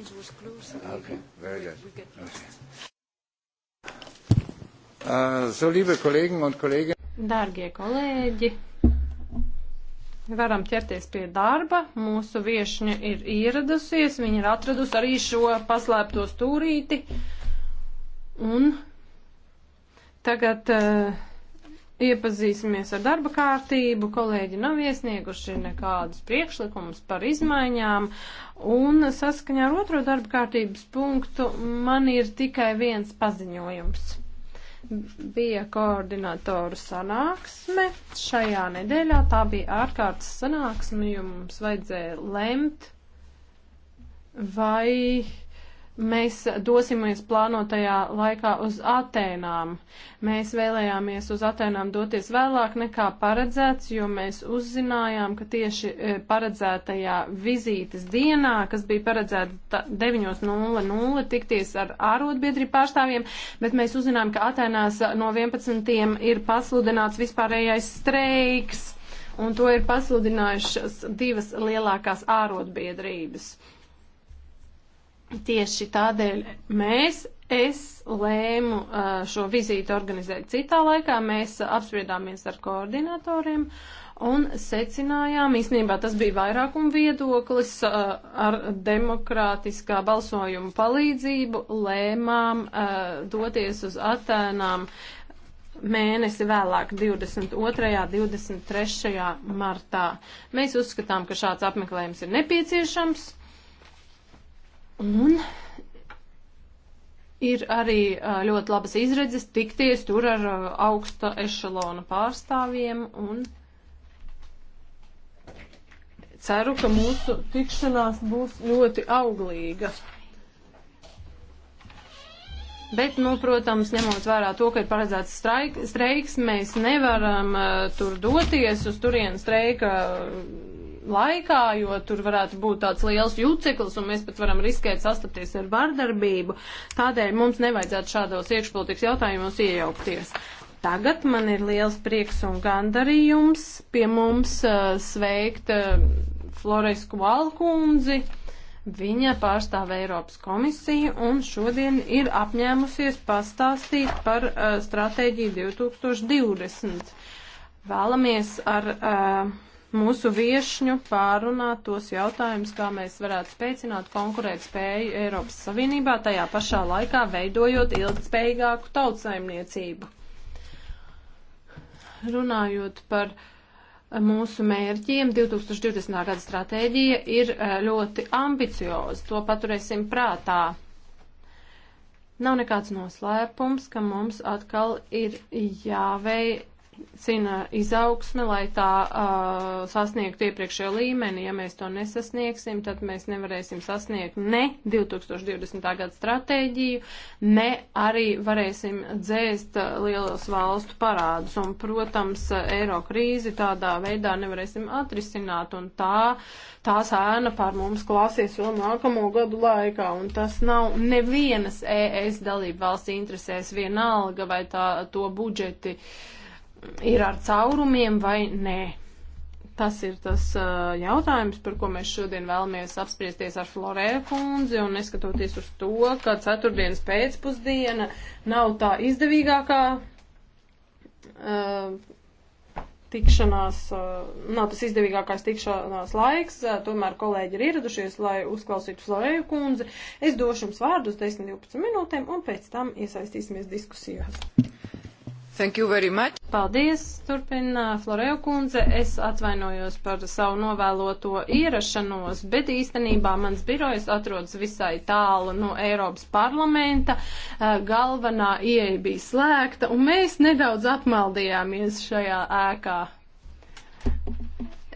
meetings was closed. Okay, very good. We get okay. uh, so, liebe Kollegen und Kollegen. Dārgie kolēģi, varam ķerties pie darba. Mūsu viešņa ir ieradusies, viņa ir atradusi arī šo paslēpto stūrīti. Un tagad. Uh, Iepazīsimies ar darba kārtību, kolēģi nav iesnieguši nekādus priekšlikumus par izmaiņām, un saskaņā ar otro darba kārtības punktu man ir tikai viens paziņojums. Bija koordinatoru sanāksme šajā nedēļā, tā bija ārkārtas sanāksme, jo mums vajadzēja lemt, vai mēs dosimies plānotajā laikā uz Atēnām. Mēs vēlējāmies uz Atēnām doties vēlāk nekā paredzēts, jo mēs uzzinājām, ka tieši e, paredzētajā vizītes dienā, kas bija paredzēta 9.00, tikties ar ārotbiedrību pārstāvjiem, bet mēs uzzinājām, ka Atēnās no 11. ir pasludināts vispārējais streiks, un to ir pasludinājušas divas lielākās ārotbiedrības. Tieši tādēļ mēs, es lēmu šo vizīti organizēt citā laikā, mēs apspriedāmies ar koordinatoriem un secinājām, īstenībā tas bija vairākuma viedoklis, ar demokrātiskā balsojuma palīdzību lēmām doties uz Atēnām mēnesi vēlāk, 22. un 23. martā. Mēs uzskatām, ka šāds apmeklējums ir nepieciešams Un ir arī ļoti labas izredzes tikties tur ar augsta ešalona pārstāvjiem un ceru, ka mūsu tikšanās būs ļoti auglīga. Bet, nu, protams, ņemot vērā to, ka ir paredzēts straik, streiks, mēs nevaram uh, tur doties uz turienu streika uh, laikā, jo tur varētu būt tāds liels jūceklis un mēs pat varam riskēt sastapties ar vardarbību. Tādēļ mums nevajadzētu šādos iekšpolitikas jautājumos iejaukties. Tagad man ir liels prieks un gandarījums pie mums uh, sveikt uh, Floresku Valkundzi. Viņa pārstāv Eiropas komisiju un šodien ir apņēmusies pastāstīt par uh, stratēģiju 2020. Vēlamies ar uh, mūsu viešņu pārunāt tos jautājumus, kā mēs varētu spēcināt konkurēt spēju Eiropas Savienībā, tajā pašā laikā veidojot ilgspējīgāku tautsaimniecību. Runājot par eh, mūsu mērķiem, 2020. gada stratēģija ir eh, ļoti ambicioza, to paturēsim prātā. Nav nekāds noslēpums, ka mums atkal ir jāvei, jāveicina izaugsme, lai tā uh, sasniegtu iepriekšējo līmeni. Ja mēs to nesasniegsim, tad mēs nevarēsim sasniegt ne 2020. gada stratēģiju, ne arī varēsim dzēst lielos valstu parādus. Un, protams, eiro krīzi tādā veidā nevarēsim atrisināt, un tā, tā sēna pār mums klāsies vēl nākamo gadu laikā. Un tas nav nevienas ES dalību valsts interesēs vienalga, vai tā, to budžeti. Uh, ir ar caurumiem vai nē. Tas ir tas uh, jautājums, par ko mēs šodien vēlamies apspriesties ar Florēru kundzi, un neskatoties uz to, ka ceturtdienas pēcpusdiena nav tā izdevīgākā uh, tikšanās, uh, nav tas izdevīgākais tikšanās laiks, uh, tomēr kolēģi ir ieradušies, lai uzklausītu Florēru kundzi. Es došu jums vārdus 10-12 minūtēm, un pēc tam iesaistīsimies diskusijās. Thank you very much. Paldies, turpina Floreo kundze. Es atvainojos par savu novēloto ierašanos, bet īstenībā mans birojs atrodas visai tālu no Eiropas parlamenta. Eh, galvenā ieeja bija slēgta, un mēs nedaudz apmaldījāmies šajā ēkā.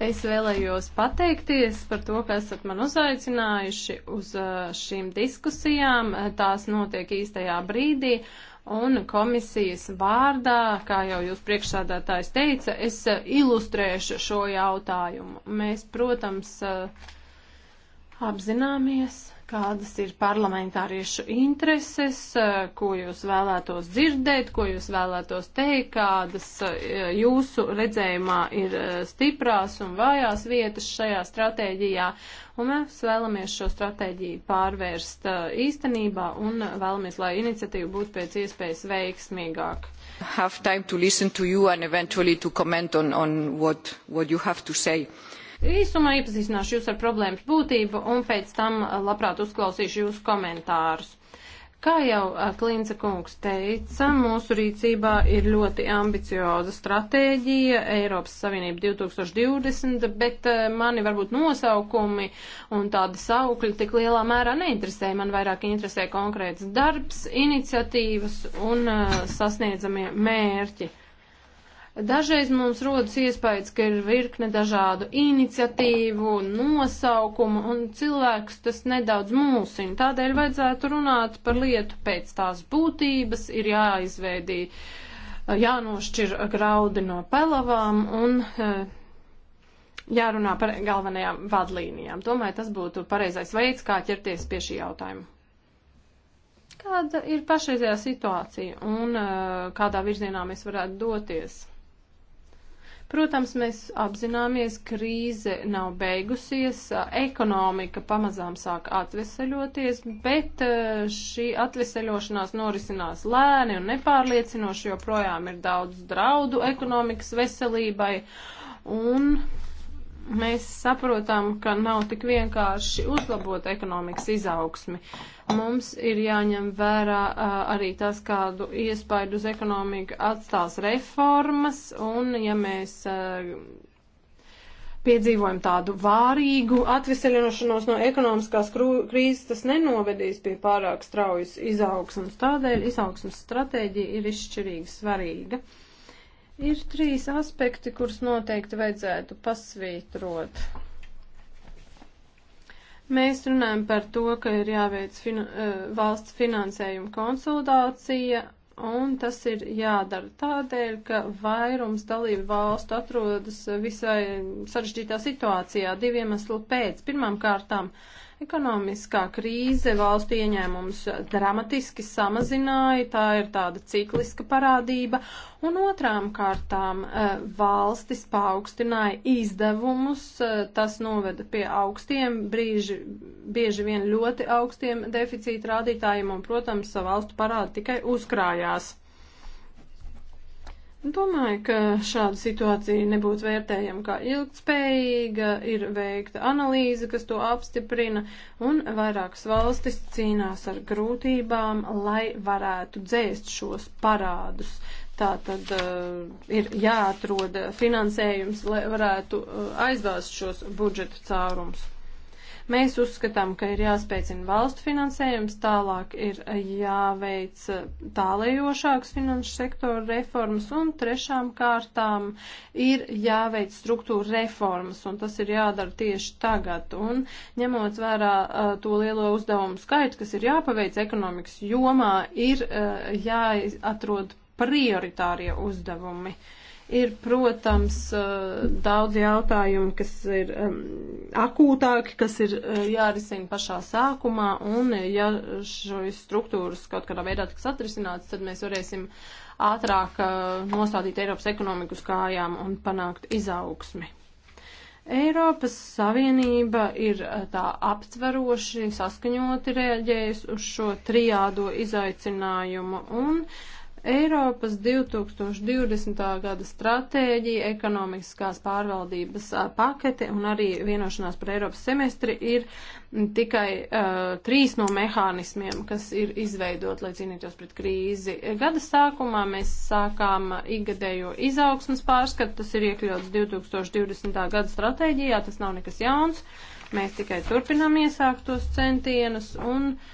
Es vēlējos pateikties par to, ka esat man uzaicinājuši uz eh, šīm diskusijām. Eh, tās notiek īstajā brīdī. Uh, Un komisijas vārdā, kā jau jūs priekšsādātājs teica, es eh, ilustrēšu šo jautājumu. Mēs, protams, eh, apzināmies kādas ir parlamentāriešu intereses, eh, ko jūs vēlētos dzirdēt, ko jūs vēlētos teikt, kādas eh, jūsu redzējumā ir eh, stiprās un vājās vietas šajā stratēģijā. Un mēs vēlamies šo stratēģiju pārvērst īstenībā un vēlamies, lai iniciatīva būtu pēc iespējas veiksmīgāka. Have time to listen to you and eventually to comment on, on what, what you have to say. Uh, Īsumā iepazīstināšu jūs ar problēmas būtību un pēc tam eh, labprāt uzklausīšu jūsu komentārus. Kā jau eh, Klinca kungs teica, mūsu rīcībā ir ļoti ambicioza stratēģija Eiropas Savienība 2020, bet eh, mani varbūt nosaukumi un tādi saukļi tik lielā mērā neinteresē. Man vairāk interesē konkrēts darbs, iniciatīvas un sasniedzamie mērķi. Dažreiz mums rodas iespējas, ka ir virkne dažādu iniciatīvu, nosaukumu, un cilvēks tas nedaudz mulsina. Tādēļ vajadzētu runāt par lietu pēc tās būtības, ir jāizveidī, jānošķir graudi no pelavām un eh, jārunā par galvenajām vadlīnijām. Domāju, tas būtu pareizais veids, kā ķerties pie šī jautājuma kāda ir pašreizējā situācija un uh, kādā virzienā mēs varētu doties. Protams, mēs apzināmies, krīze nav beigusies, ekonomika pamazām sāk atveseļoties, bet šī atveseļošanās norisinās lēni un nepārliecinoši, jo projām ir daudz draudu ekonomikas veselībai. Un mēs saprotam, ka nav tik vienkārši uzlabot ekonomikas izaugsmi. Mums ir jāņem vērā arī tas, kādu iespaidu uz ekonomiku atstās reformas, un ja mēs piedzīvojam tādu vārīgu atveseļošanos no ekonomiskās krīzes, tas nenovedīs pie pārāk straujas izaugsmas. Tādēļ izaugsmas stratēģija ir izšķirīgi svarīga. Ir trīs aspekti, kurus noteikti vajadzētu pasvītrot. Mēs runājam par to, ka ir jāveic fin eh, valsts finansējuma konsolidācija, un tas ir jādara tādēļ, ka vairums dalību valstu atrodas visai sarežģītā situācijā diviem aslu pēc. Pirmām kārtām. Uh, Ekonomiskā krīze valstu ieņēmumus dramatiski samazināja, tā ir tāda cikliska parādība, un otrām kārtām eh, valstis paaugstināja izdevumus, eh, tas noveda pie augstiem, brīži, bieži vien ļoti augstiem deficīta rādītājiem, un, protams, valstu parādi tikai uzkrājās. Domāju, ka šāda situācija nebūtu vērtējama kā ilgtspējīga, ir veikta analīze, kas to apstiprina, un vairākas valstis cīnās ar grūtībām, lai varētu dzēst šos parādus. Tā tad uh, ir jāatrod finansējums, lai varētu uh, aizvāst šos budžeta cārums. Mēs uzskatām, ka ir jāspēcina valstu finansējums, tālāk ir jāveic eh, tālējošāks finanšu sektoru reformas un trešām kārtām ir jāveic struktūra reformas un tas ir jādara tieši tagad. Un ņemot vērā eh, to lielo uzdevumu skaitu, kas ir jāpaveic ekonomikas jomā, ir eh, jāatrod prioritārie uzdevumi. Uh, Ir, protams, daudz jautājumu, kas ir akūtāki, kas ir jārisina pašā sākumā, un ja šīs struktūras kaut kādā veidā tiks atrisināts, tad mēs varēsim ātrāk nostādīt Eiropas ekonomiku uz kājām un panākt izaugsmi. Eiropas Savienība ir tā aptveroši, saskaņoti reaģējusi uz šo trijādo izaicinājumu un uh, Eiropas 2020. gada stratēģija, ekonomiskās pārvaldības pakete un arī vienošanās par Eiropas semestri ir tikai uh, trīs no mehānismiem, kas ir izveidot, lai cīnītos pret krīzi. Gada sākumā mēs sākām ikgadējo izaugsmas pārskatu, tas ir iekļauts 2020. gada stratēģijā, tas nav nekas jauns, mēs tikai turpinām iesāktos centienus un uh,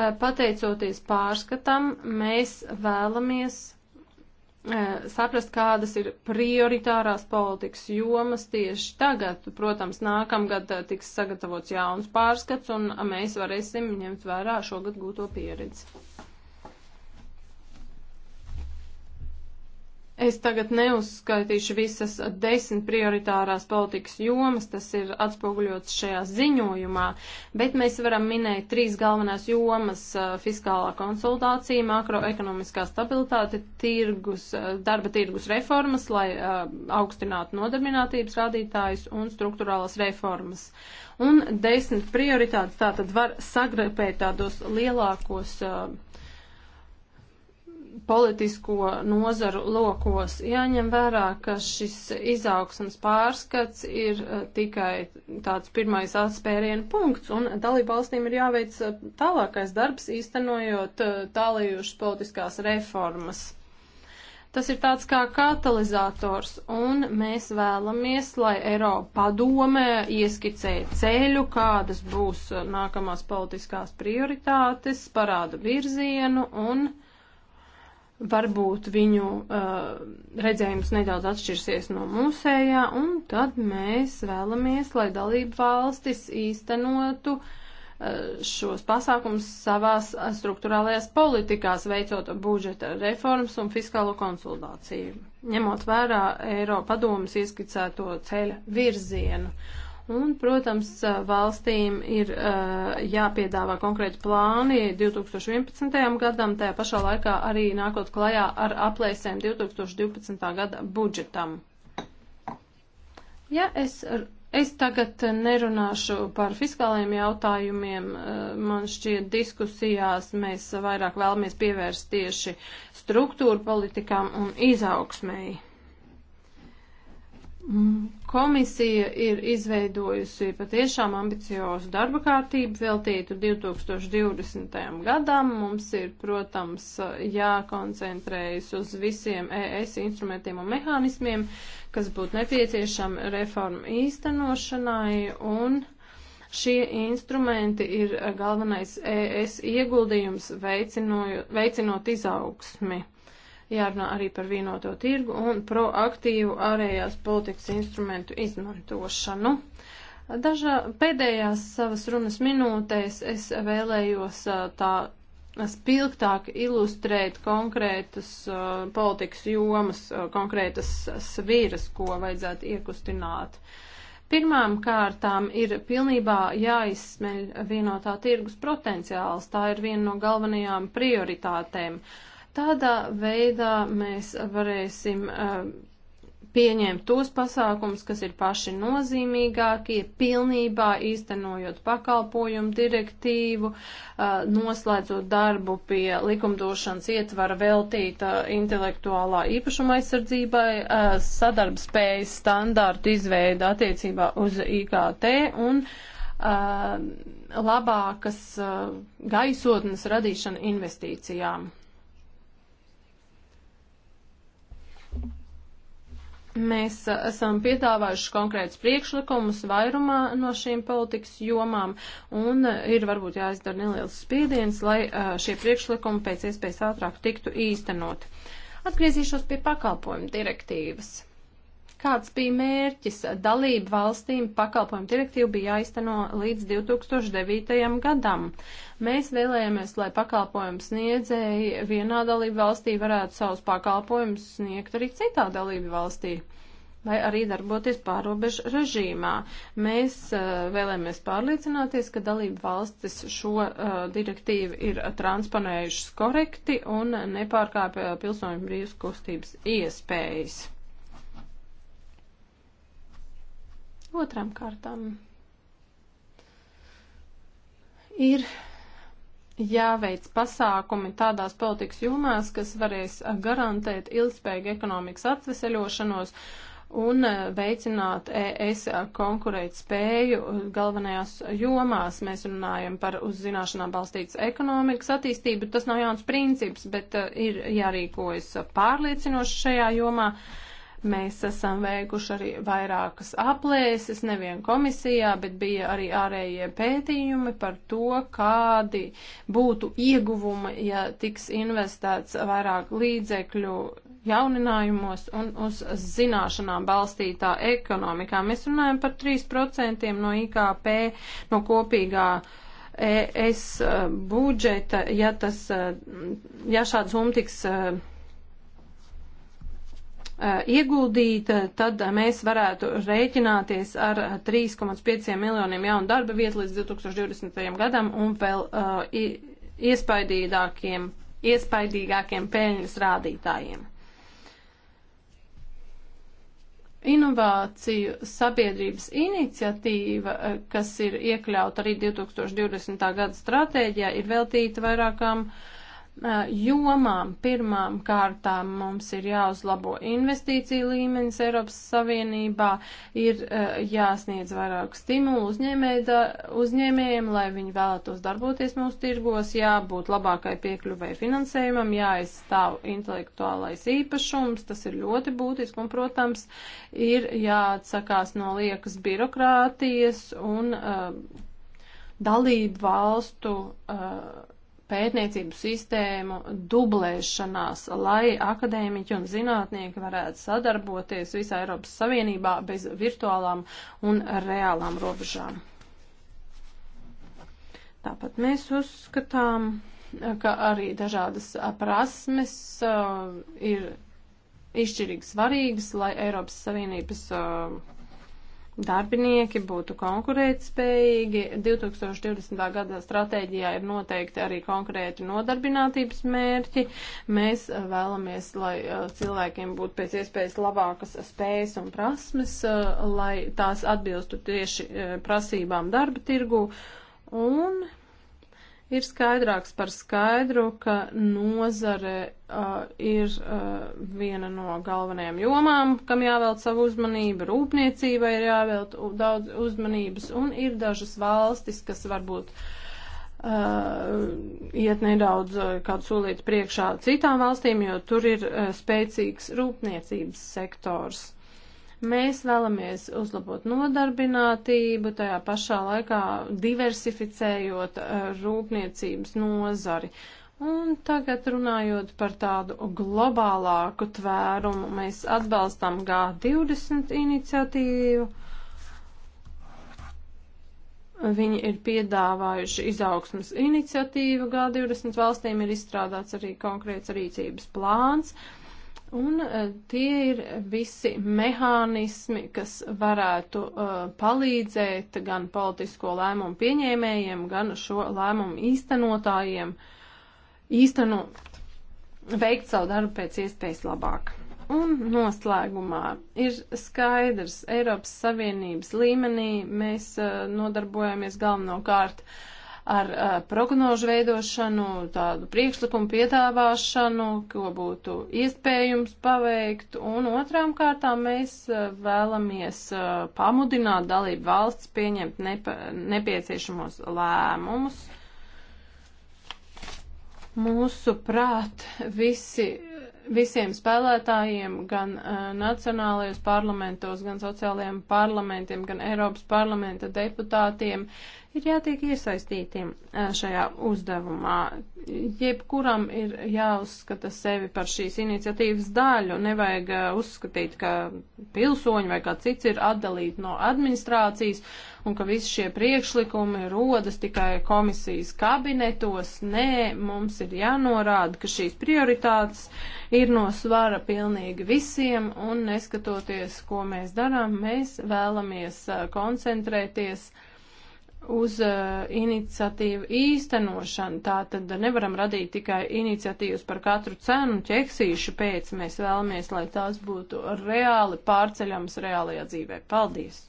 Eh, pateicoties pārskatam, mēs vēlamies eh, saprast, kādas ir prioritārās politikas jomas tieši tagad. Protams, nākamgad eh, tiks sagatavots jauns pārskats, un mēs varēsim ņemt vērā šogad gūto pieredzi. Es tagad neuzskaitīšu visas desmit prioritārās politikas jomas, tas ir atspoguļots šajā ziņojumā, bet mēs varam minēt trīs galvenās jomas - fiskālā konsultācija, makroekonomiskā stabilitāte, tirgus, darba tirgus reformas, lai augstinātu nodarbinātības rādītājus un struktūrālas reformas. Un desmit prioritātes tātad var sagrapēt tādos lielākos uh, politisko nozaru lokos. Jāņem vērā, ka šis izaugsmas pārskats ir eh, tikai tāds pirmais atspērienu punkts, un dalībvalstīm ir jāveic eh, tālākais darbs, īstenojot eh, tālējušas politiskās reformas. Tas ir tāds kā katalizators, un mēs vēlamies, lai Eiropa padomē ieskicēja ceļu, kādas būs nākamās politiskās prioritātes, parāda virzienu un uh, varbūt viņu uh, redzējums nedaudz atšķirsies no mūsējā, un tad mēs vēlamies, lai dalību valstis īstenotu uh, šos pasākums savās uh, struktūrālajās politikās, veicot budžeta reformas un fiskālo konsultāciju, ņemot vērā Eiropa padomas ieskicēto ceļa virzienu. Un, protams, valstīm ir uh, jāpiedāvā konkrēti plāni 2011. gadam, tajā pašā laikā arī nākot klajā ar aplēsēm 2012. gada budžetam. Ja es, es tagad nerunāšu par fiskāliem jautājumiem, man šķiet diskusijās mēs vairāk vēlamies pievērst tieši struktūru politikām un izaugsmēji. Mm, komisija ir izveidojusi patiešām ambiciozu darba kārtību veltītu 2020. gadam. Mums ir, protams, jākoncentrējas uz visiem ES instrumentiem un mehānismiem, kas būtu nepieciešami reformu īstenošanai, un šie instrumenti ir galvenais ES ieguldījums veicinot izaugsmi jārunā arī par vienoto tirgu un proaktīvu ārējās politikas instrumentu izmantošanu. Dažā pēdējās savas runas minūtēs es vēlējos tā spilgtāk ilustrēt konkrētas uh, politikas jomas, uh, konkrētas sviras, ko vajadzētu iekustināt. Pirmām kārtām ir pilnībā jāizsmeļ vienotā tirgus potenciāls. Tā ir viena no galvenajām prioritātēm. Uh, Tādā veidā mēs varēsim eh, pieņemt tos pasākums, kas ir paši nozīmīgākie, pilnībā īstenojot pakalpojumu direktīvu, eh, noslēdzot darbu pie likumdošanas ietvara veltīta intelektuālā īpašuma aizsardzībai, eh, sadarbspējas standārtu izveida attiecībā uz IKT un labākas gaisotnes radīšana investīcijām. Mēs uh, esam piedāvājuši konkrētus priekšlikumus vairumā no šīm politikas jomām, un uh, ir varbūt jāizdara neliels spiediens, lai uh, šie priekšlikumi pēc iespējas ātrāk tiktu īstenoti. Atgriezīšos pie pakalpojumu direktīvas. Kāds bija mērķis? Dalību valstīm pakalpojumu direktīvu bija jāizteno līdz 2009. gadam. Mēs vēlējāmies, lai pakalpojumu sniedzēji vienā dalību valstī varētu savus pakalpojumus sniegt arī citā dalību valstī vai arī darboties pārobežu režīmā. Mēs eh, vēlamies pārliecināties, ka dalību valstis šo eh, direktīvu ir transponējušas korekti un nepārkāpja eh, pilsoņu brīvas kustības iespējas. Otram kārtām ir jāveic pasākumi tādās politikas jomās, kas varēs garantēt ilgspējīgu ekonomikas atveseļošanos un eh, veicināt ES konkurēt spēju galvenajās jomās. Mēs runājam par uz zināšanām balstītas ekonomikas attīstību. Tas nav jauns princips, bet eh, ir jārīkojas pārliecinoši šajā jomā. Mēs esam veikuši arī vairākas aplēses, nevien komisijā, bet bija arī ārējie pētījumi par to, kādi būtu ieguvumi, ja tiks investēts vairāk līdzekļu jauninājumos un uz zināšanām balstītā ekonomikā. Mēs runājam par 3% no IKP, no kopīgā ES eh, budžeta, ja, tas, eh, ja šāds umtiks eh, ieguldīt, tad mēs varētu rēķināties ar 3,5 miljoniem jaunu darba vietu līdz 2020. gadam un vēl uh, iespaidīgākiem, iespaidīgākiem pēļņas rādītājiem. Inovāciju sabiedrības iniciatīva, eh, kas ir iekļauta arī 2020. gada stratēģijā, ir veltīta vairākām uh, jomām. Pirmām kārtām mums ir jāuzlabo investīciju līmenis Eiropas Savienībā, ir jāsniedz vairāk stimulu uzņēmējiem, lai viņi vēlētos darboties mūsu tirgos, jābūt labākai piekļuvai finansējumam, jāizstāv intelektuālais īpašums, tas ir ļoti būtiski un, protams, ir jāatsakās no liekas birokrātijas un uh, dalību valstu uh, pētniecību sistēmu dublēšanās, lai akadēmiķi un zinātnieki varētu sadarboties visā Eiropas Savienībā bez virtuālām un reālām robežām. Tāpat mēs uzskatām, ka arī dažādas prasmes uh, ir izšķirīgi svarīgas, lai Eiropas Savienības uh, darbinieki būtu konkurētspējīgi. 2020. gada stratēģijā ir noteikti arī konkrēti nodarbinātības mērķi. Mēs eh, vēlamies, lai eh, cilvēkiem būtu pēc iespējas labākas spējas un prasmes, eh, lai tās atbilstu tieši prasībām darba tirgu. Un ir skaidrāks par skaidru, ka nozare uh, ir uh, viena no galvenajām jomām, kam jāvēlt savu uzmanību, rūpniecībai ir jāvēlt daudz uzmanības, un ir dažas valstis, kas varbūt uh, iet nedaudz uh, kādu solīti priekšā citām valstīm, jo tur ir uh, spēcīgs rūpniecības sektors. Mēs vēlamies uzlabot nodarbinātību, tajā pašā laikā diversificējot eh, rūpniecības nozari. Un tagad runājot par tādu globālāku tvērumu, mēs atbalstam G20 iniciatīvu. Viņi ir piedāvājuši izaugsmas iniciatīvu G20 valstīm, ir izstrādāts arī konkrēts rīcības plāns. Uh, Un e, tie ir visi mehānismi, kas varētu uh, palīdzēt gan politisko lēmumu pieņēmējiem, gan šo lēmumu īstenotājiem īstenot, veikt savu darbu pēc iespējas labāk. Un noslēgumā ir skaidrs, Eiropas Savienības līmenī mēs uh, nodarbojamies galvenokārt uh, ar uh, prognožu veidošanu, tādu priekšlikumu piedāvāšanu, ko būtu iespējams paveikt, un otrām kārtām mēs uh, vēlamies uh, pamudināt dalību valsts pieņemt nepa, nepieciešamos lēmumus. Mūsu prāt visi visiem spēlētājiem, gan uh, nacionālajos parlamentos, gan sociālajiem parlamentiem, gan Eiropas parlamenta deputātiem ir jātiek iesaistītiem šajā uzdevumā. Jebkuram ir jāuzskata sevi par šīs iniciatīvas daļu, nevajag uzskatīt, ka pilsoņi vai kā cits ir atdalīti no administrācijas un ka visi šie priekšlikumi rodas tikai komisijas kabinetos. Nē, mums ir jānorāda, ka šīs prioritātes ir no svara pilnīgi visiem un neskatoties, ko mēs darām, mēs vēlamies koncentrēties uh, uz uh, iniciatīvu īstenošanu. Tā tad nevaram radīt tikai iniciatīvas par katru cenu ķeksīšu pēc. Mēs vēlamies, lai tās būtu reāli pārceļams reālajā dzīvē. Paldies!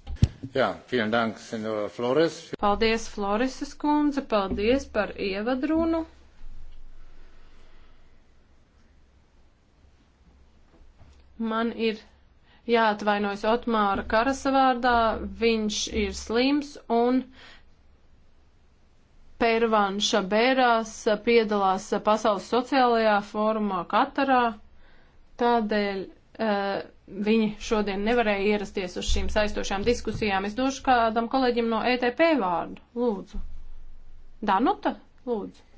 Jā, vielen dank, senora Flores. Paldies, Floreses kundze, paldies par ievadrunu. Man ir jāatvainojas Otmāra Karasa vārdā, viņš ir slims un Pervanša Bērās piedalās Pasaules sociālajā fórumā Katarā, tādēļ uh, viņi šodien nevarēja ierasties uz šīm saistošām diskusijām. Es došu kādam kolēģim no ETP vārdu. Lūdzu. Danuta, lūdzu.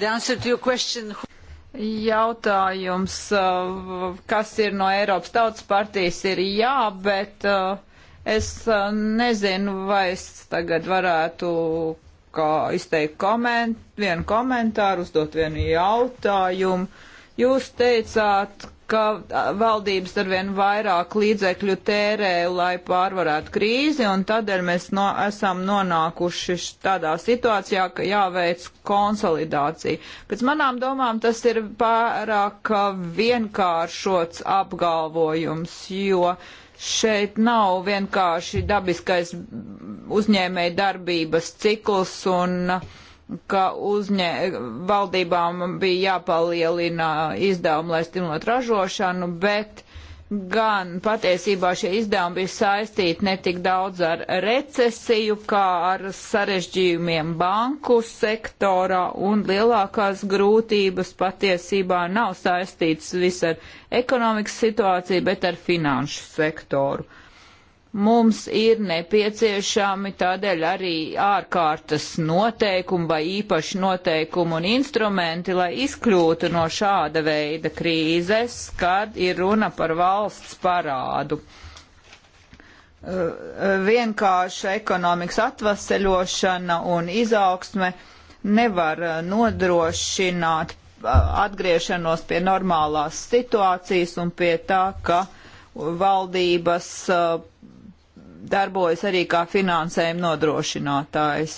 The answer to your question. Jautājums, e, kas ir no Eiropas Tautas partijas, ir jā, bet uh, Es nezinu, vai es tagad varētu kā izteikt koment, vienu komentāru, uzdot vienu jautājumu. Jūs teicāt, ka valdības arvien vairāk līdzekļu tērē, lai pārvarētu krīzi, un tādēļ mēs no, esam nonākuši tādā situācijā, ka jāveic konsolidācija. Pēc manām domām tas ir pārāk vienkāršots apgalvojums, jo šeit nav vienkārši dabiskais uzņēmēja darbības cikls un uh, ka uzņē, valdībām bija jāpalielina izdevumi, lai stimulētu ražošanu, bet gan patiesībā šie izdevumi bija saistīti ne tik daudz ar recesiju, kā ar sarežģījumiem banku sektorā, un lielākās grūtības patiesībā nav saistītas vis ar ekonomikas situāciju, bet ar finanšu sektoru. Mums ir nepieciešami tādēļ arī ārkārtas noteikumi vai īpaši noteikumi un instrumenti, lai izkļūtu no šāda veida krīzes, kad ir runa par valsts parādu. Uh, Vienkārši ekonomikas atvaseļošana un izaugsme nevar uh, nodrošināt uh, atgriešanos pie normālās situācijas un pie tā, ka valdības darbojas arī kā finansējuma nodrošinātājs.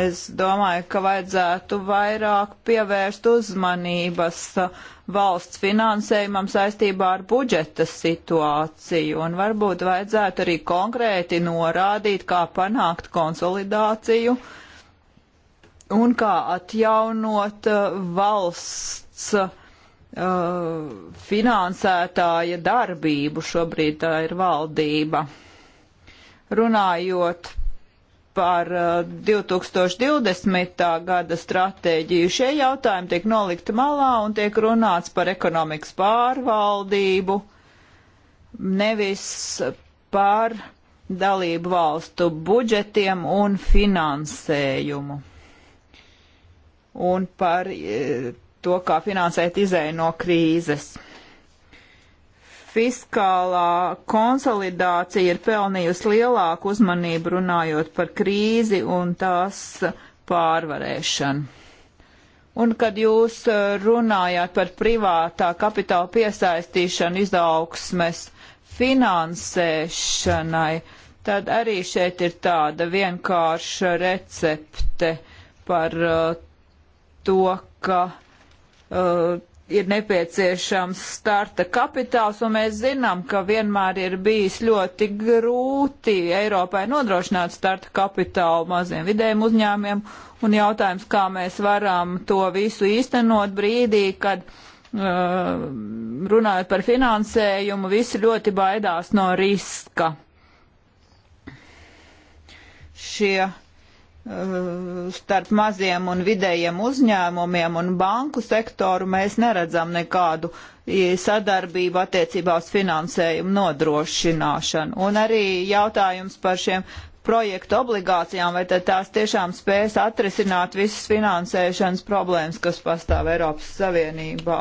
Es domāju, ka vajadzētu vairāk pievērst uzmanības uh, valsts finansējumam saistībā ar budžeta situāciju, un varbūt vajadzētu arī konkrēti norādīt, kā panākt konsolidāciju un kā atjaunot uh, valsts uh, finansētāja darbību. Šobrīd tā ir valdība runājot par 2020. Uh, gada stratēģiju. Šie jautājumi tiek nolikti malā un tiek runāts par ekonomikas pārvaldību, nevis par dalību valstu budžetiem un finansējumu. Un par eh, to, kā finansēt izēju no krīzes fiskālā konsolidācija ir pelnījusi lielāku uzmanību runājot par krīzi un tās pārvarēšanu. Un kad jūs uh, runājāt par privātā kapitāla piesaistīšanu izaugsmes finansēšanai, tad arī šeit ir tāda vienkārša recepte par uh, to, ka uh, ir nepieciešams starta kapitāls, un mēs zinām, ka vienmēr ir bijis ļoti grūti Eiropai nodrošināt starta kapitālu maziem vidējiem uzņēmiem, un jautājums, kā mēs varam to visu īstenot brīdī, kad uh, runājot par finansējumu, visi ļoti baidās no riska. Šie Eh, starp maziem un vidējiem uzņēmumiem un banku sektoru mēs neredzam nekādu sadarbību attiecībā uz finansējumu nodrošināšanu. Un arī jautājums par šiem projektu obligācijām, vai tad tās tiešām spēs atrisināt visas finansēšanas problēmas, kas pastāv Eiropas Savienībā.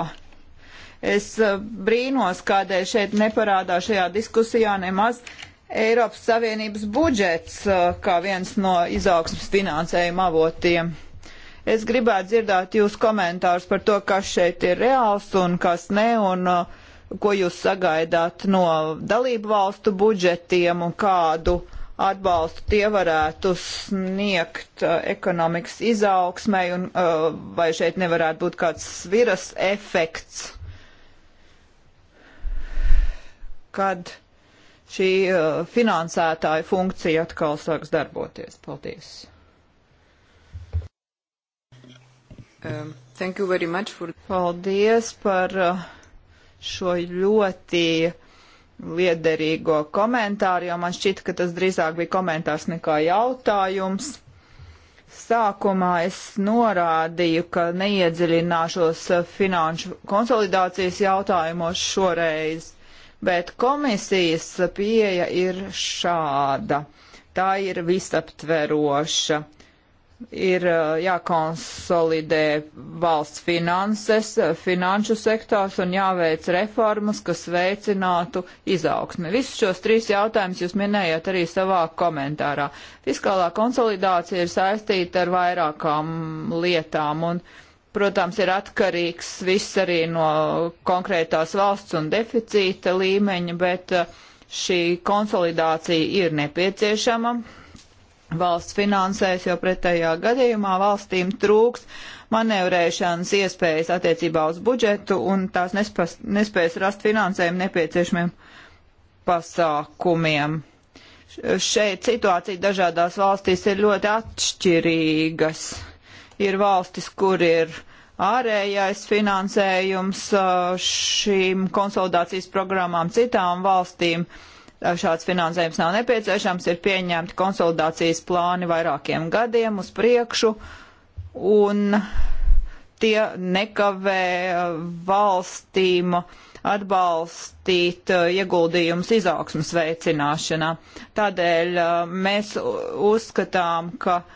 Es eh, brīnos, kādēļ šeit neparādās šajā diskusijā nemaz uh, Eiropas Savienības budžets uh, kā viens no izaugsmas finansējuma avotiem. Es gribētu dzirdēt jūsu komentārus par to, kas šeit ir reāls un kas ne, un uh, ko jūs sagaidāt no dalību valstu budžetiem un kādu atbalstu tie varētu sniegt uh, ekonomikas izaugsmai, un vai šeit nevarētu būt kāds sviras efekts, kad šī uh, finansētāja funkcija atkal sāks darboties. Paldies! Um, thank you very much for... Paldies par uh, šo ļoti liederīgo komentāru, jo man šķita, ka tas drīzāk bija komentārs nekā jautājums. Sākumā es norādīju, ka neiedziļināšos finanšu konsolidācijas jautājumos šoreiz, bet komisijas pieeja ir šāda. Tā ir visaptveroša. Ir uh, jākonsolidē valsts finanses, finanšu sektors un jāveic reformas, kas veicinātu izaugsmi. Visus šos trīs jautājumus jūs minējat arī savā komentārā. Fiskālā konsolidācija ir saistīta ar vairākām lietām un lietām protams, ir atkarīgs viss arī no konkrētās valsts un deficīta līmeņa, bet uh, šī konsolidācija ir nepieciešama. Valsts finansēs, jo pretējā gadījumā valstīm trūks manevrēšanas iespējas attiecībā uz budžetu un tās nespas, nespējas rast finansējumu nepieciešamiem pasākumiem. Šeit situācija dažādās valstīs ir ļoti atšķirīgas Ir valstis, kur ir ārējais finansējums šīm konsolidācijas programmām citām valstīm. Šāds finansējums nav nepieciešams, ir pieņemti konsolidācijas plāni vairākiem gadiem uz priekšu, un tie nekavē valstīm atbalstīt ieguldījumus izaugsmas veicināšanā. Tādēļ mēs uzskatām, ka uh,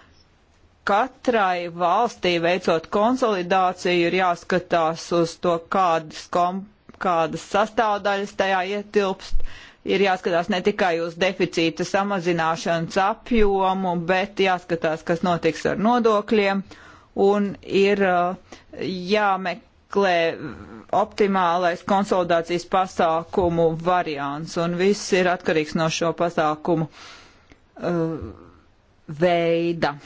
katrai valstī veicot konsolidāciju ir jāskatās uz to, kādas, kom, kādas sastāvdaļas tajā ietilpst. Ir jāskatās ne tikai uz deficīta samazināšanas apjomu, bet jāskatās, kas notiks ar nodokļiem. Un ir uh, jāmeklē optimālais konsolidācijas pasākumu variants. Un viss ir atkarīgs no šo pasākumu uh, veida.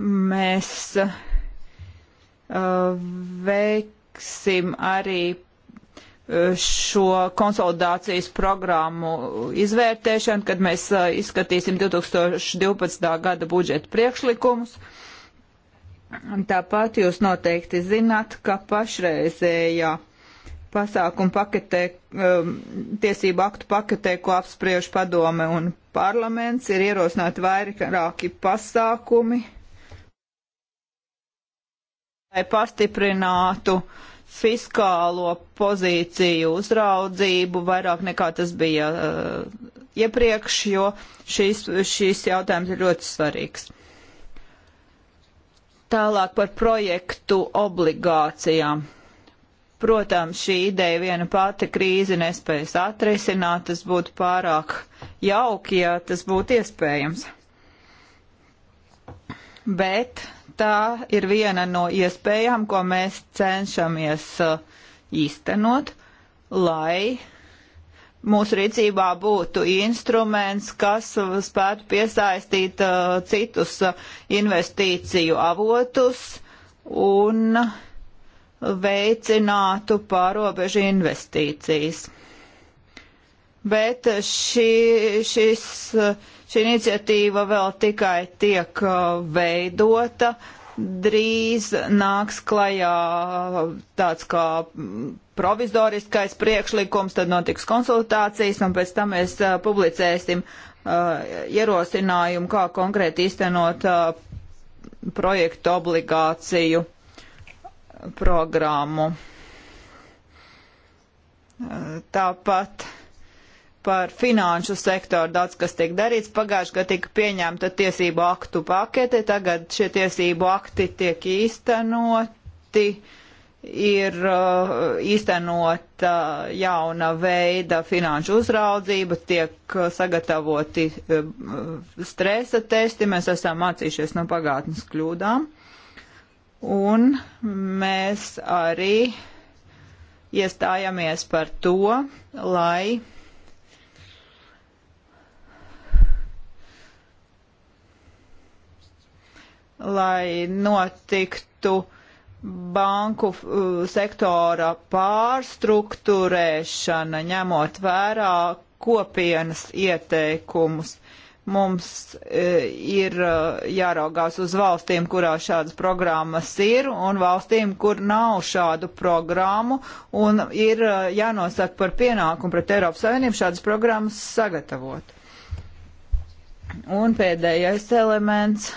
mēs uh, veiksim arī uh, šo konsolidācijas programmu izvērtēšanu, kad mēs uh, izskatīsim 2012. gada budžeta priekšlikumus. Tāpat jūs noteikti zināt, ka pašreizējā pasākuma paketē, um, tiesību aktu paketē, ko apspriež padome un parlaments, ir ierosināti vairāki pasākumi, lai pastiprinātu fiskālo pozīciju uzraudzību vairāk nekā tas bija uh, iepriekš, jo šīs, šīs jautājums ir ļoti svarīgs. Tālāk par projektu obligācijām. Protams, šī ideja viena pati krīzi nespējas atrisināt, tas būtu pārāk jauki, ja tas būtu iespējams. Bet tā ir viena no iespējām, ko mēs cenšamies uh, īstenot, lai mūsu rīcībā būtu instruments, kas spētu piesaistīt uh, citus uh, investīciju avotus un veicinātu pārobežu investīcijas bet šī, šis, šī iniciatīva vēl tikai tiek uh, veidota. Drīz nāks klajā tāds kā provizoriskais priekšlikums, tad notiks konsultācijas un pēc tam mēs uh, publicēsim uh, ierosinājumu, kā konkrēti īstenot uh, projektu obligāciju programmu. Uh, tāpat par finanšu sektoru daudz kas tiek darīts. Pagājuši, ka tika pieņemta tiesību aktu pakete, tagad šie tiesību akti tiek īstenoti, ir uh, īstenota jauna veida finanšu uzraudzība, tiek uh, sagatavoti uh, stresa testi, mēs esam mācījušies no pagātnes kļūdām. Un mēs arī iestājamies par to, lai lai notiktu banku uh, sektora pārstruktūrēšana, ņemot vērā kopienas ieteikumus. Mums uh, ir uh, jāraugās uz valstīm, kurā šādas programmas ir, un valstīm, kur nav šādu programmu, un ir jānosaka par pienākumu pret Eiropas Savienību šādas programmas sagatavot. Un pēdējais elements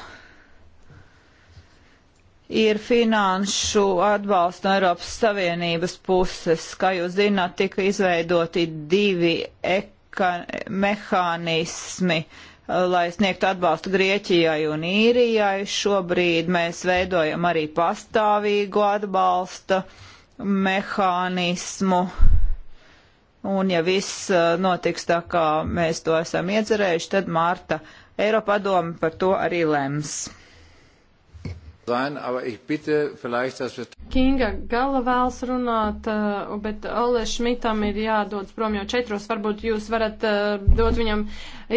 ir finanšu atbalsts no Eiropas Savienības puses. Kā jūs zināt, tika izveidoti divi mehānismi, lai sniegtu atbalstu Grieķijai un Īrijai. Šobrīd mēs veidojam arī pastāvīgu atbalsta mehānismu. Un ja viss uh, notiks tā, kā mēs to esam iedzerējuši, tad Mārta Eiropadoma par to arī lems sein, aber ich bitte vielleicht, dass wir. Kinga gala vēls runāt, eh, bet Ole Šmitam ir jādodas prom jau četros. Varbūt jūs varat eh, dot viņam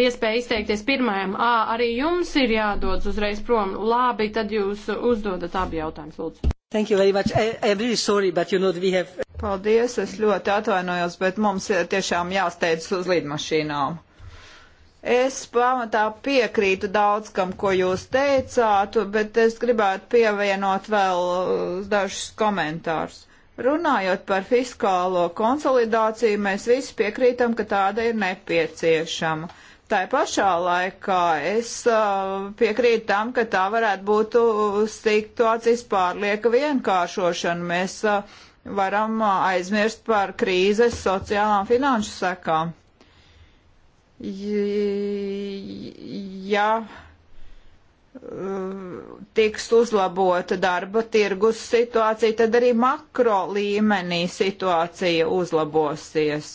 iespēju izteikties pirmajam. Ā, arī jums ir jādodas uzreiz prom. Labi, tad jūs uzdodat abi jautājumus, lūdzu. Thank you very much. I, I'm really sorry, but you know we have. Paldies, es ļoti atvainojos, bet mums eh, tiešām jāsteidz uz lidmašīnām. Es pamatā piekrītu daudz kam, ko jūs teicāt, bet es gribētu pievienot vēl uh, dažus komentārus. Runājot par fiskālo konsolidāciju, mēs visi piekrītam, ka tāda ir nepieciešama. Tā pašā laikā es uh, piekrītu tam, ka tā varētu būt uh, situācijas pārlieka vienkāršošana. Mēs varam aizmirst par krīzes sociālām finanšu sekām ja eh, tiks uzlabota darba tirgus situācija, tad arī makro līmenī situācija uzlabosies,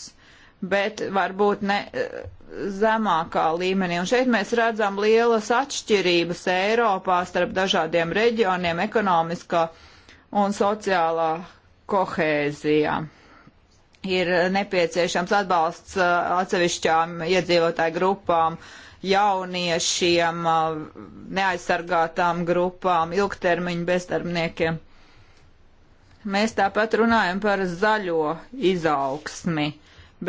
bet varbūt ne eh, zemākā līmenī. Un šeit mēs redzam lielas atšķirības Eiropā starp dažādiem reģioniem ekonomiskā un sociālā kohēzijā ir nepieciešams atbalsts uh, atsevišķām iedzīvotāju grupām, jauniešiem, uh, neaizsargātām grupām, ilgtermiņu bezdarbniekiem. Mēs tāpat runājam par zaļo izaugsmi,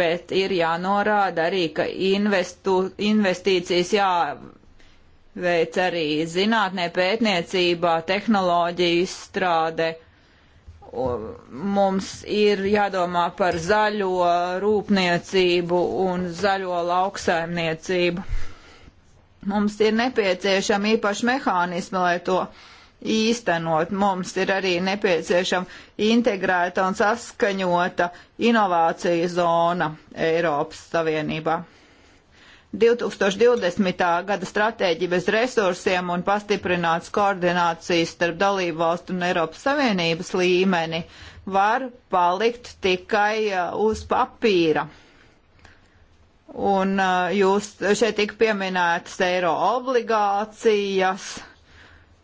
bet ir jānorāda arī, ka investu, investīcijas jāveic arī zinātnē, pētniecībā, tehnoloģiju izstrādē mums ir jādomā par zaļo rūpniecību un zaļo lauksaimniecību. Mums ir nepieciešama īpaša mehānisma, lai to īstenot. Mums ir arī nepieciešama integrēta un saskaņota inovācija zona Eiropas Savienībā. 2020. gada stratēģija bez resursiem un pastiprināts koordinācijas starp dalību valstu un Eiropas Savienības līmeni var palikt tikai uh, uz papīra. Un uh, jūs šeit tik pieminētas eiro obligācijas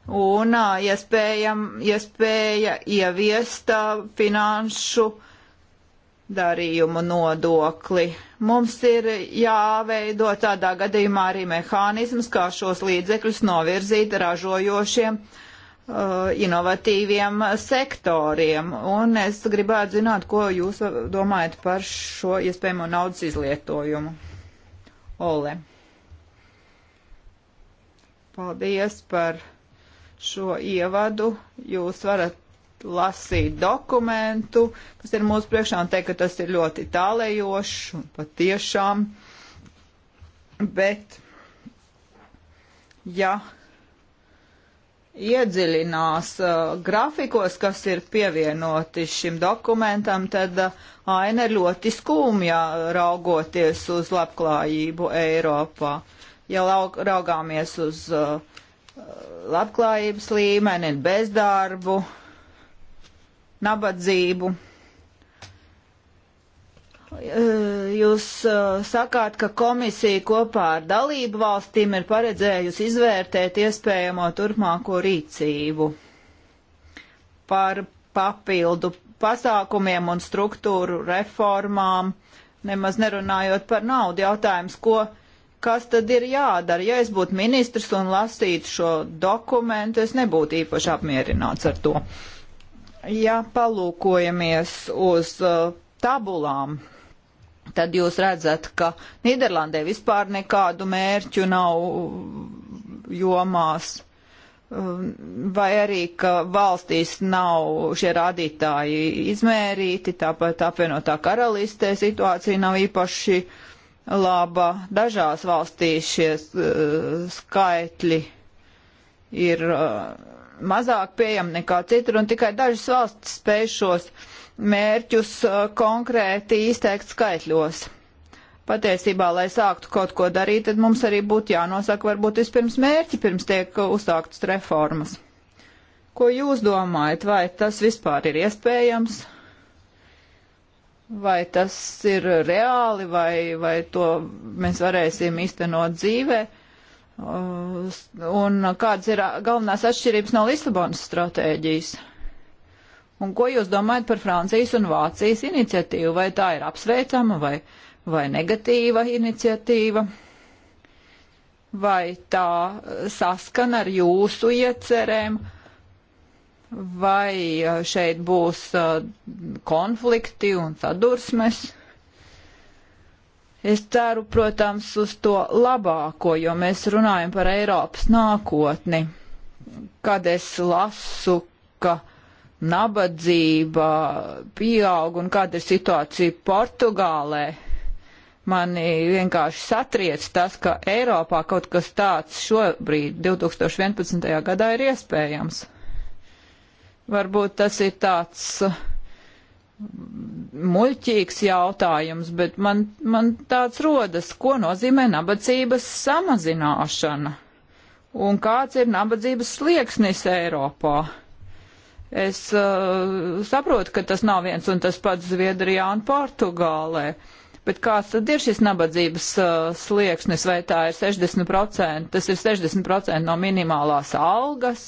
un uh, iespējam, iespēja ieviest finanšu darījumu nodokli. Mums ir jāveido tādā gadījumā arī mehānisms, kā šos līdzekļus novirzīt ražojošiem, uh, inovatīviem sektoriem. Un es gribētu zināt, ko jūs domājat par šo iespējamo naudas izlietojumu. Ole. Paldies par šo ievadu. Jūs varat lasīt dokumentu, kas ir mūsu priekšā, un teikt, ka tas ir ļoti tālējošs, patiešām. Bet, ja iedziļinās uh, grafikos, kas ir pievienoti šim dokumentam, tad uh, aina ir ļoti skumja raugoties uz labklājību Eiropā. Ja lauk, raugāmies uz uh, labklājības līmeni, bezdarbu, uh, nabadzību. Eh, jūs eh, sakāt, ka komisija kopā ar dalību valstīm ir paredzējusi izvērtēt iespējamo turpmāko rīcību par papildu pasākumiem un struktūru reformām, nemaz nerunājot par naudu jautājums, ko, kas tad ir jādara. Ja es būtu ministrs un lasītu šo dokumentu, es nebūtu īpaši apmierināts ar to. Uh, ja palūkojamies uz uh, tabulām, tad jūs redzat, ka Nīderlandē vispār nekādu mērķu nav uh, jomās, um, vai arī, ka valstīs nav šie rādītāji izmērīti, tāpat apvienotā karalistē situācija nav īpaši laba. Dažās valstīs šie uh, skaitļi ir mazāk pieejama nekā citur, un tikai dažas valsts spēj šos mērķus uh, konkrēti izteikt skaitļos. Patiesībā, lai sāktu kaut ko darīt, tad mums arī būtu jānosaka varbūt vispirms mērķi, pirms tiek uh, uzsāktas reformas. Ko jūs domājat, vai tas vispār ir iespējams? Vai tas ir reāli, vai, vai to mēs varēsim īstenot dzīvē? un kādas ir galvenās atšķirības no Lisabonas stratēģijas? Un ko jūs domājat par Francijas un Vācijas iniciatīvu? Vai tā ir apsveicama vai, vai negatīva iniciatīva? Vai tā saskana ar jūsu iecerēm? Vai šeit būs uh, konflikti un sadursmes? Es ceru, protams, uz to labāko, jo mēs runājam par Eiropas nākotni. Kad es lasu, ka nabadzība pieaug un kāda ir situācija Portugālē, mani vienkārši satriec tas, ka Eiropā kaut kas tāds šobrīd, 2011. gadā, ir iespējams. Varbūt tas ir tāds uh, muļķīgs jautājums, bet man, man tāds rodas, ko nozīmē nabadzības samazināšana un kāds ir nabadzības slieksnis Eiropā. Es uh, saprotu, ka tas nav viens un tas pats Zviedrijā un Portugālē. Bet kāds tad ir šis nabadzības uh, slieksnis, vai tā ir 60%? Tas ir 60% no minimālās algas.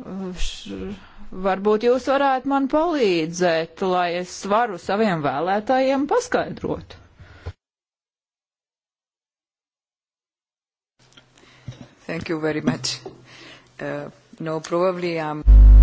Uh, š, Varbūt jūs varētu man palīdzēt, lai es varu saviem vēlētājiem paskaidrot. Thank you very much. Uh, no, probably I'm... Um...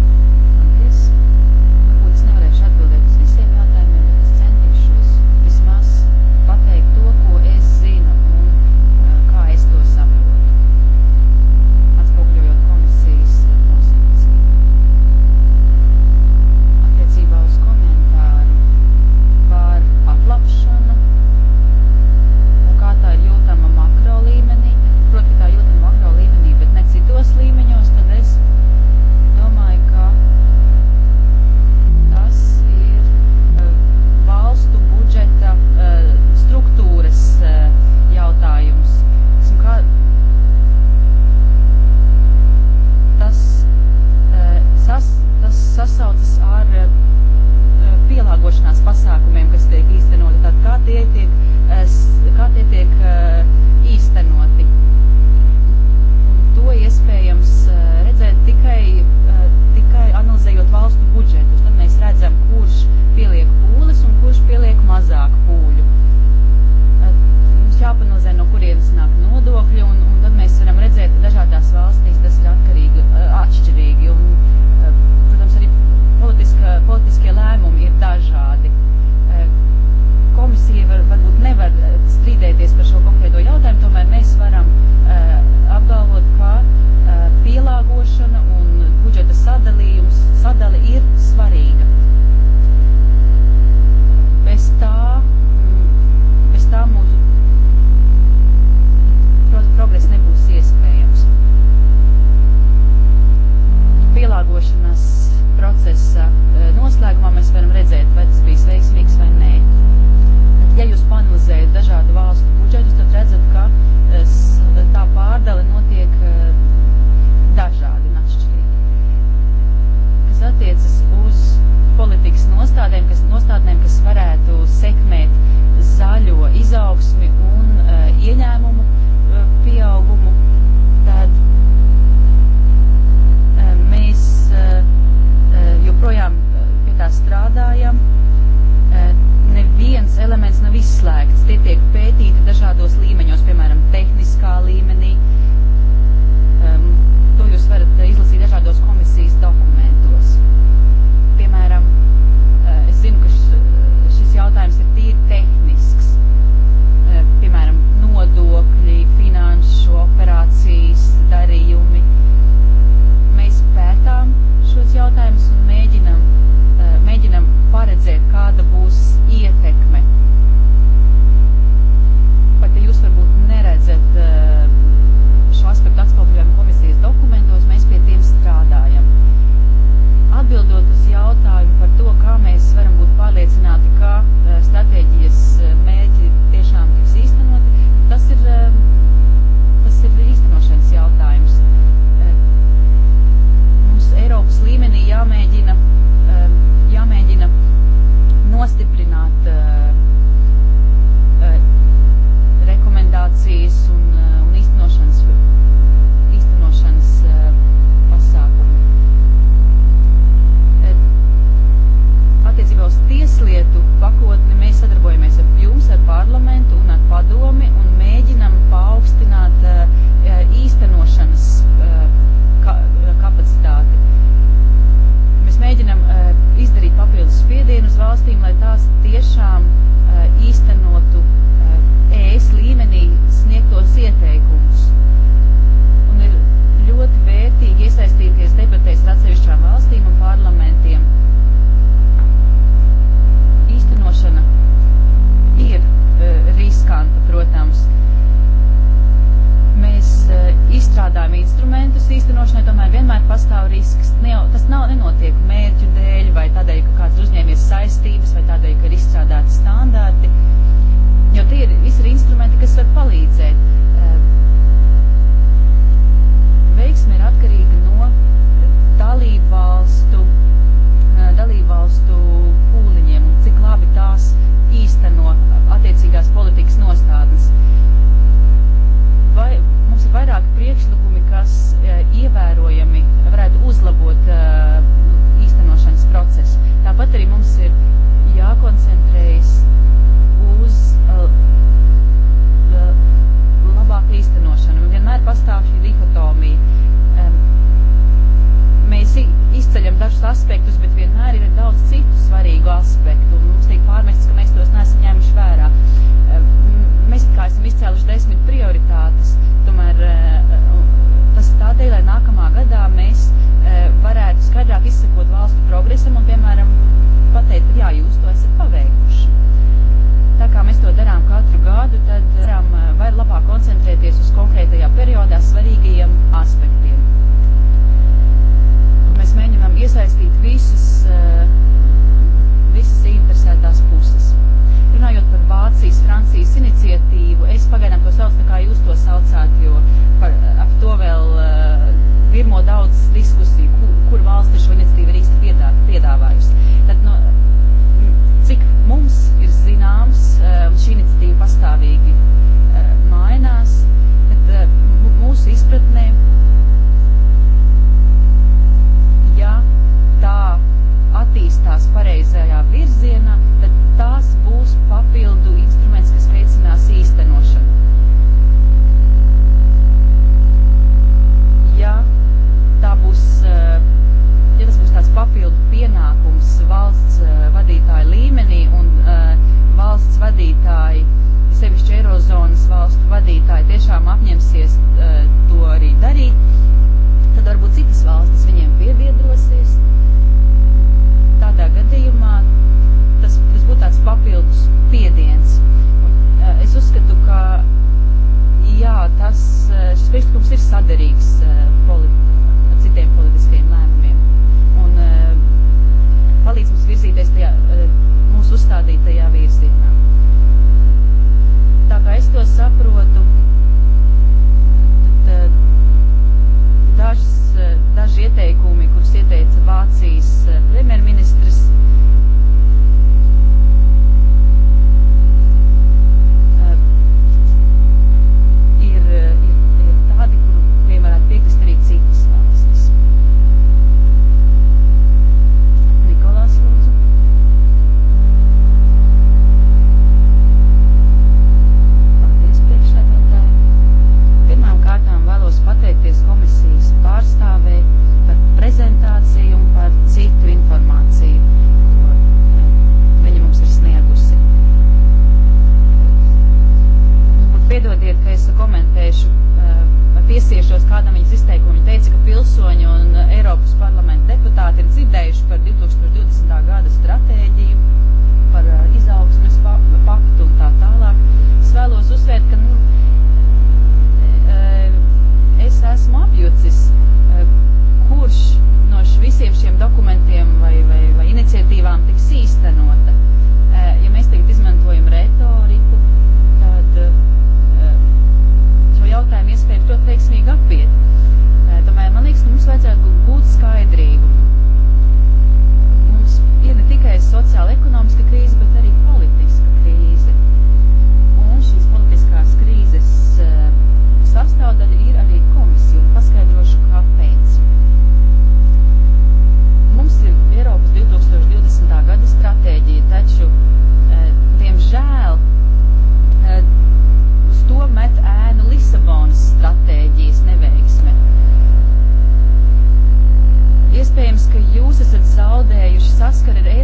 tas, ka ir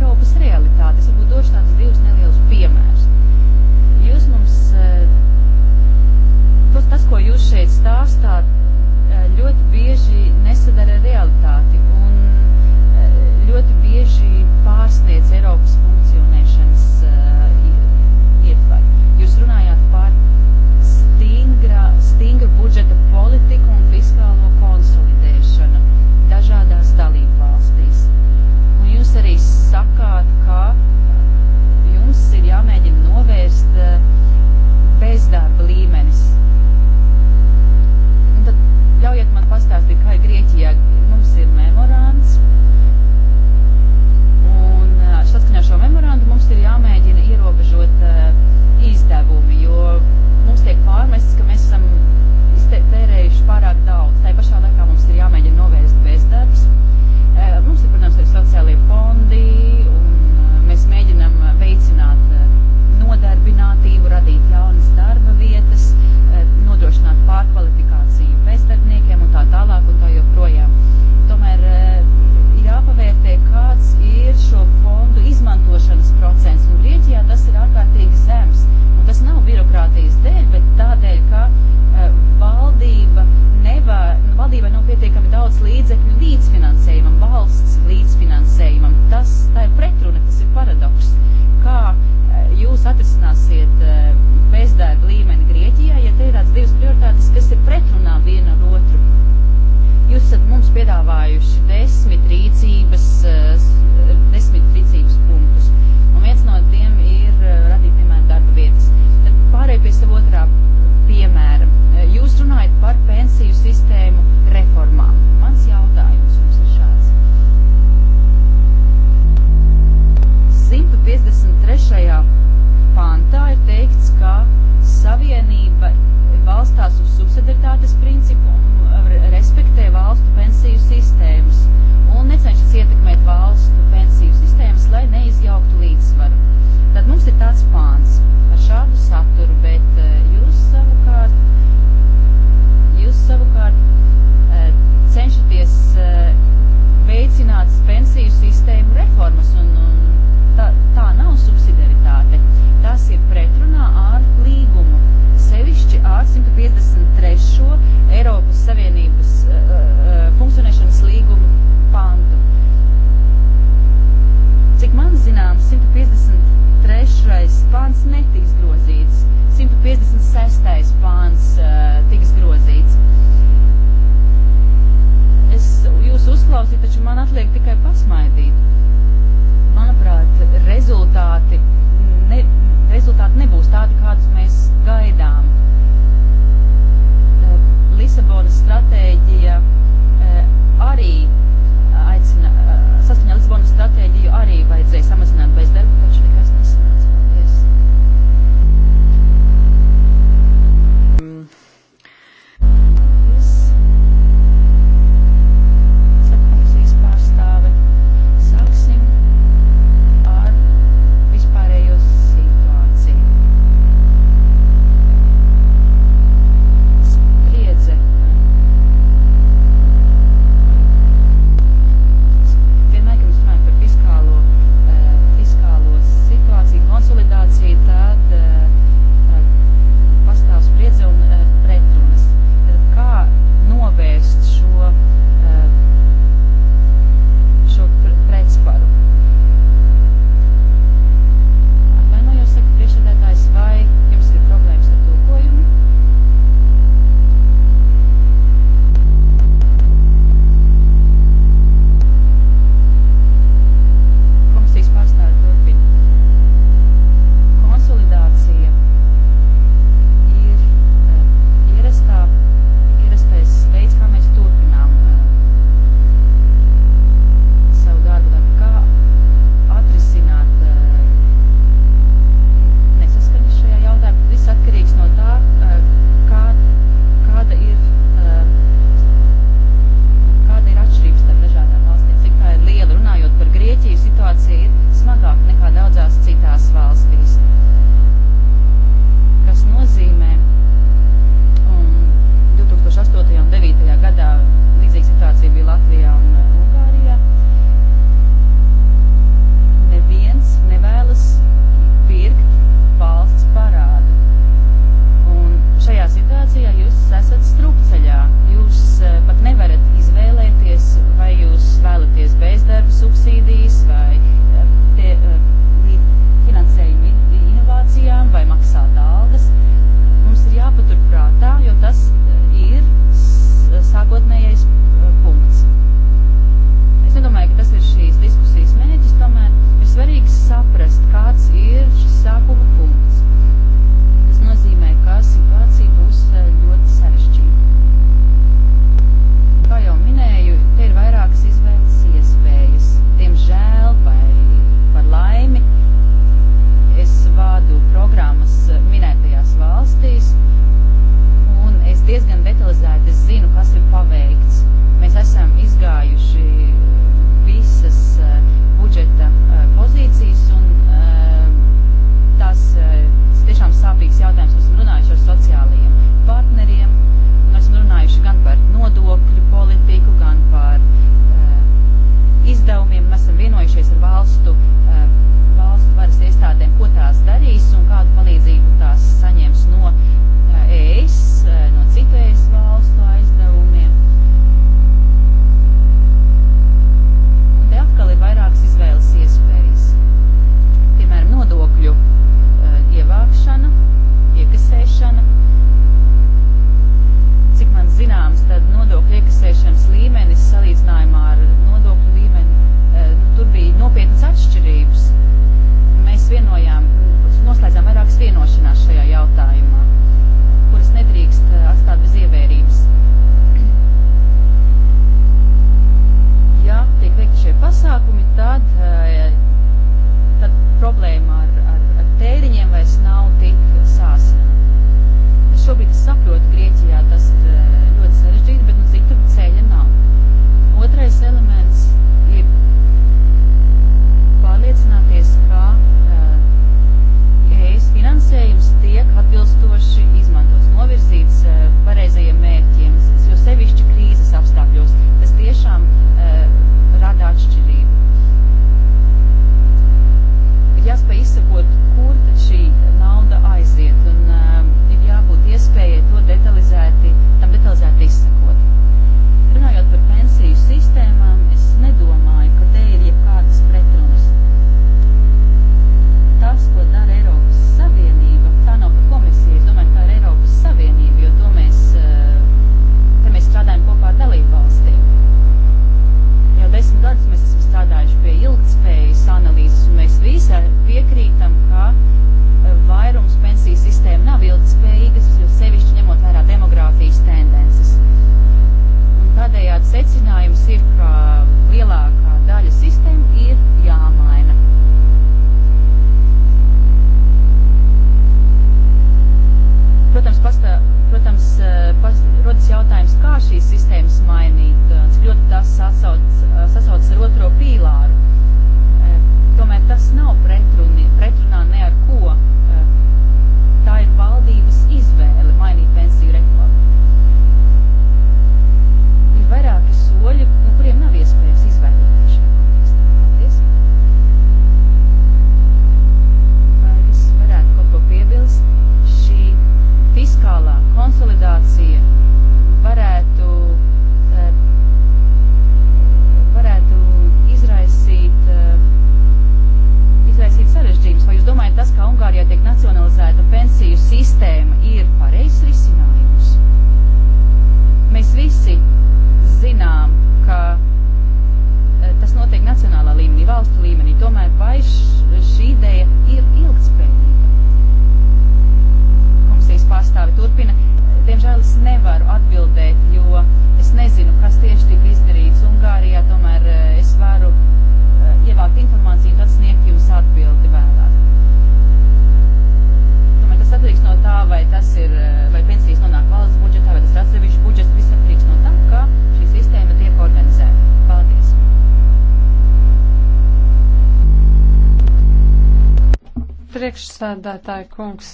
priekšsēdētāja kungs.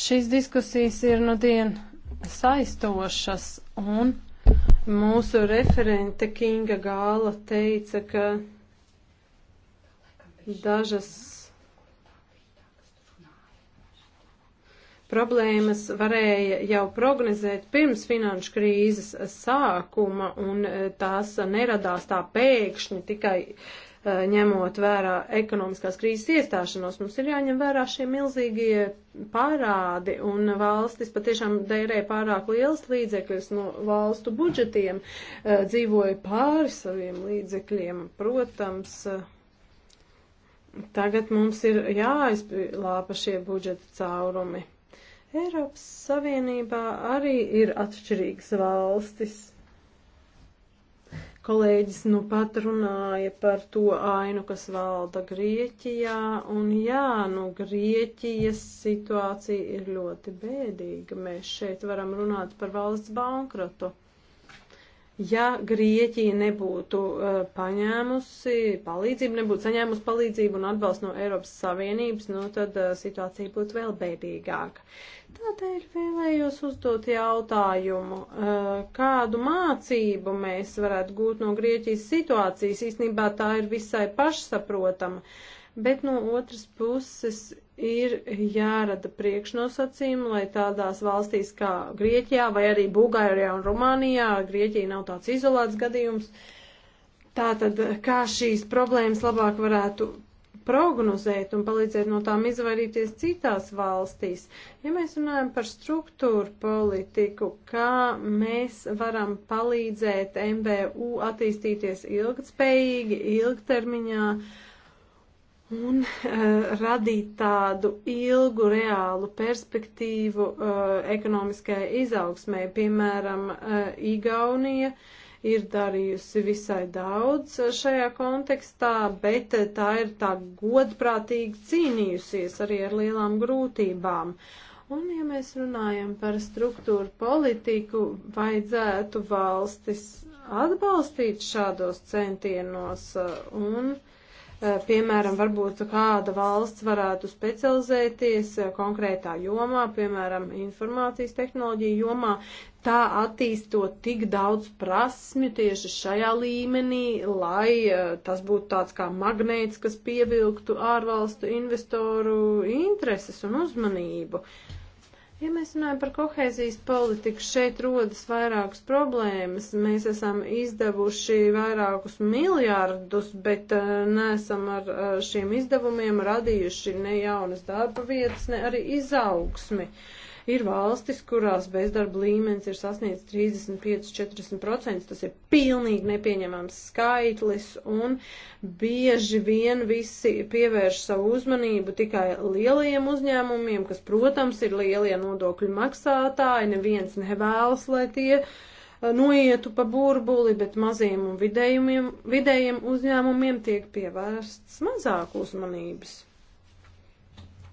Šīs diskusijas ir nu no dien saistošas un mūsu referente Kinga Gāla teica, ka dažas problēmas varēja jau prognozēt pirms finanšu krīzes sākuma, un tās neradās tā pēkšņi tikai uh, Eh, ņemot vērā ekonomiskās krīzes iestāšanos, mums ir jāņem vērā šie milzīgie pārādi, un valstis patiešām dērē pārāk liels līdzekļus no valstu budžetiem, eh, dzīvoja pāri saviem līdzekļiem, protams. Eh, tagad mums ir jāizlāpa šie budžeta caurumi. Eiropas Savienībā arī ir atšķirīgas valstis. Kolēģis nu pat runāja par to ainu, kas valda Grieķijā, un jā, nu Grieķijas situācija ir ļoti bēdīga. Mēs šeit varam runāt par valsts bankrotu ja Grieķija nebūtu uh, paņēmusi palīdzību, nebūtu saņēmusi palīdzību un atbalstu no Eiropas Savienības, nu tad uh, situācija būtu vēl bēdīgāka. Tādēļ vēlējos uzdot jautājumu, uh, kādu mācību mēs varētu gūt no Grieķijas situācijas. Īstenībā tā ir visai pašsaprotama, bet no otras puses ir jārada priekšnosacījumi, lai tādās valstīs kā Grieķijā vai arī Bulgārijā un Rumānijā, Grieķija nav tāds izolēts gadījums, tātad kā šīs problēmas labāk varētu prognozēt un palīdzēt no tām izvairīties citās valstīs. Ja mēs runājam par struktūru politiku, kā mēs varam palīdzēt MBU attīstīties ilgtspējīgi, ilgtermiņā, uh, un uh, radīt tādu ilgu reālu perspektīvu uh, ekonomiskajai izaugsmē. Piemēram, uh, Igaunija ir darījusi visai daudz šajā kontekstā, bet tā ir tā godprātīgi cīnījusies arī ar lielām grūtībām. Un, ja mēs runājam par struktūru politiku, vajadzētu valstis atbalstīt šādos centienos un uh, Eh, piemēram, varbūt kāda valsts varētu specializēties eh, konkrētā jomā, piemēram, informācijas tehnoloģija jomā, tā attīstot tik daudz prasmju tieši šajā līmenī, lai eh, tas būtu tāds kā magnēts, kas pievilktu ārvalstu investoru intereses un uzmanību. Uh, Ja mēs runājam par kohēzijas politiku, šeit rodas vairākas problēmas. Mēs esam izdevuši vairākus miljārdus, bet uh, neesam ar uh, šiem izdevumiem radījuši ne jaunas darba vietas, ne arī izaugsmi. Uh, Ir valstis, kurās bezdarba līmenis ir sasniedzis 35-40%, tas ir pilnīgi nepieņemams skaitlis, un bieži vien visi pievērš savu uzmanību tikai lielajiem uzņēmumiem, kas, protams, ir lielie nodokļu maksātāji, neviens nevēlas, lai tie eh, noietu pa burbuli, bet maziem un vidējiem uzņēmumiem tiek pievērsts mazāk uzmanības.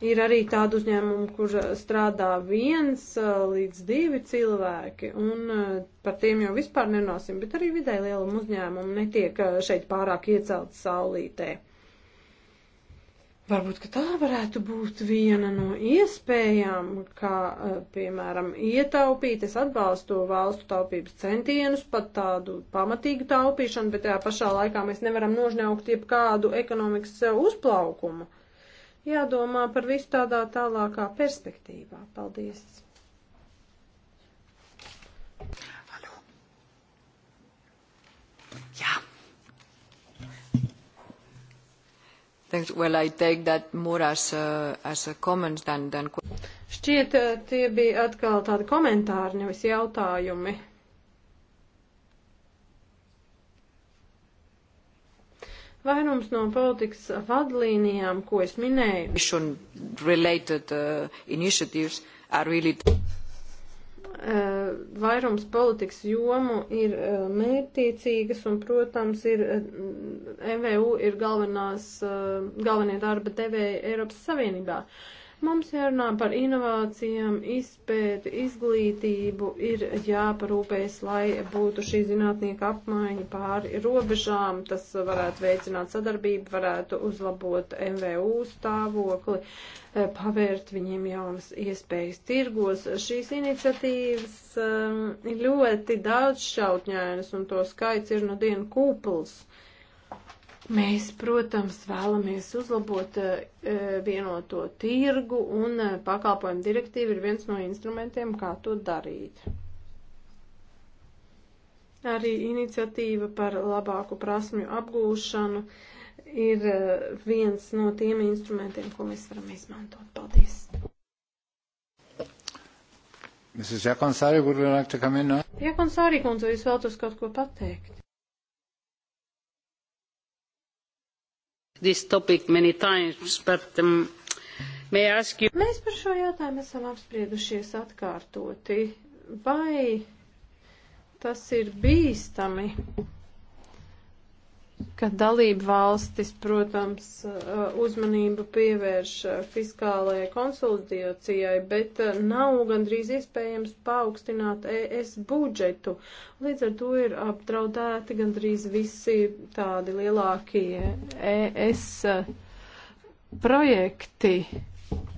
Ir arī tādu uzņēmumu, kur uh, strādā viens uh, līdz divi cilvēki, un uh, par tiem jau vispār nenosim, bet arī vidēji lielam uzņēmumam netiek šeit pārāk iecelt saulītē. Varbūt, ka tā varētu būt viena no iespējām, kā, piemēram, ietaupīt. Es atbalstu valstu taupības centienus, pat tādu pamatīgu taupīšanu, bet tajā pašā laikā mēs nevaram nožņaukt jebkādu ekonomikas uzplaukumu jādomā par visu tādā tālākā perspektīvā. Paldies! Halo. Jā. Thanks. Well, I take that more as a, as a comments than, than... Šķiet, eh, tie bija atkal tādi komentāri, nevis jautājumi. Vairums no politikas vadlīnijām, ko es minēju, related, uh, are really... Uh, vairums politikas jomu ir uh, mērķtiecīgas un, protams, ir uh, MVU ir galvenās, galvenie darba devēji Eiropas Savienībā. Uh, Mums jārunā par inovācijām, izpēti, izglītību, ir jāparūpēs, lai būtu šī zinātnieka apmaiņa pāri robežām, tas varētu veicināt sadarbību, varētu uzlabot MVU stāvokli, eh, pavērt viņiem jaunas iespējas tirgos. Šīs iniciatīvas um, ir ļoti daudz šautņainas un to skaits ir no dienu kūpls. Uh, Mēs, protams, vēlamies uzlabot eh, vienoto tirgu un eh, pakalpojumu direktīva ir viens no instrumentiem, kā to darīt. Arī iniciatīva par labāku prasmju apgūšanu ir eh, viens no tiem instrumentiem, ko mēs varam izmantot. Paldies! Mrs. Jākonsārī, would you like to come in now? Jākonsārī, kundze, jūs vēlatos kaut ko pateikt? this topic many times, but um, may I ask you... Mēs par šo jautājumu esam apspriedušies atkārtoti. Vai tas ir bīstami? ka dalība valstis, protams, uh, uzmanību pievērš uh, fiskālajai konsolidācijai, bet uh, nav gandrīz iespējams paaugstināt ES budžetu. Līdz ar to ir apdraudēti gandrīz visi tādi lielākie ES projekti.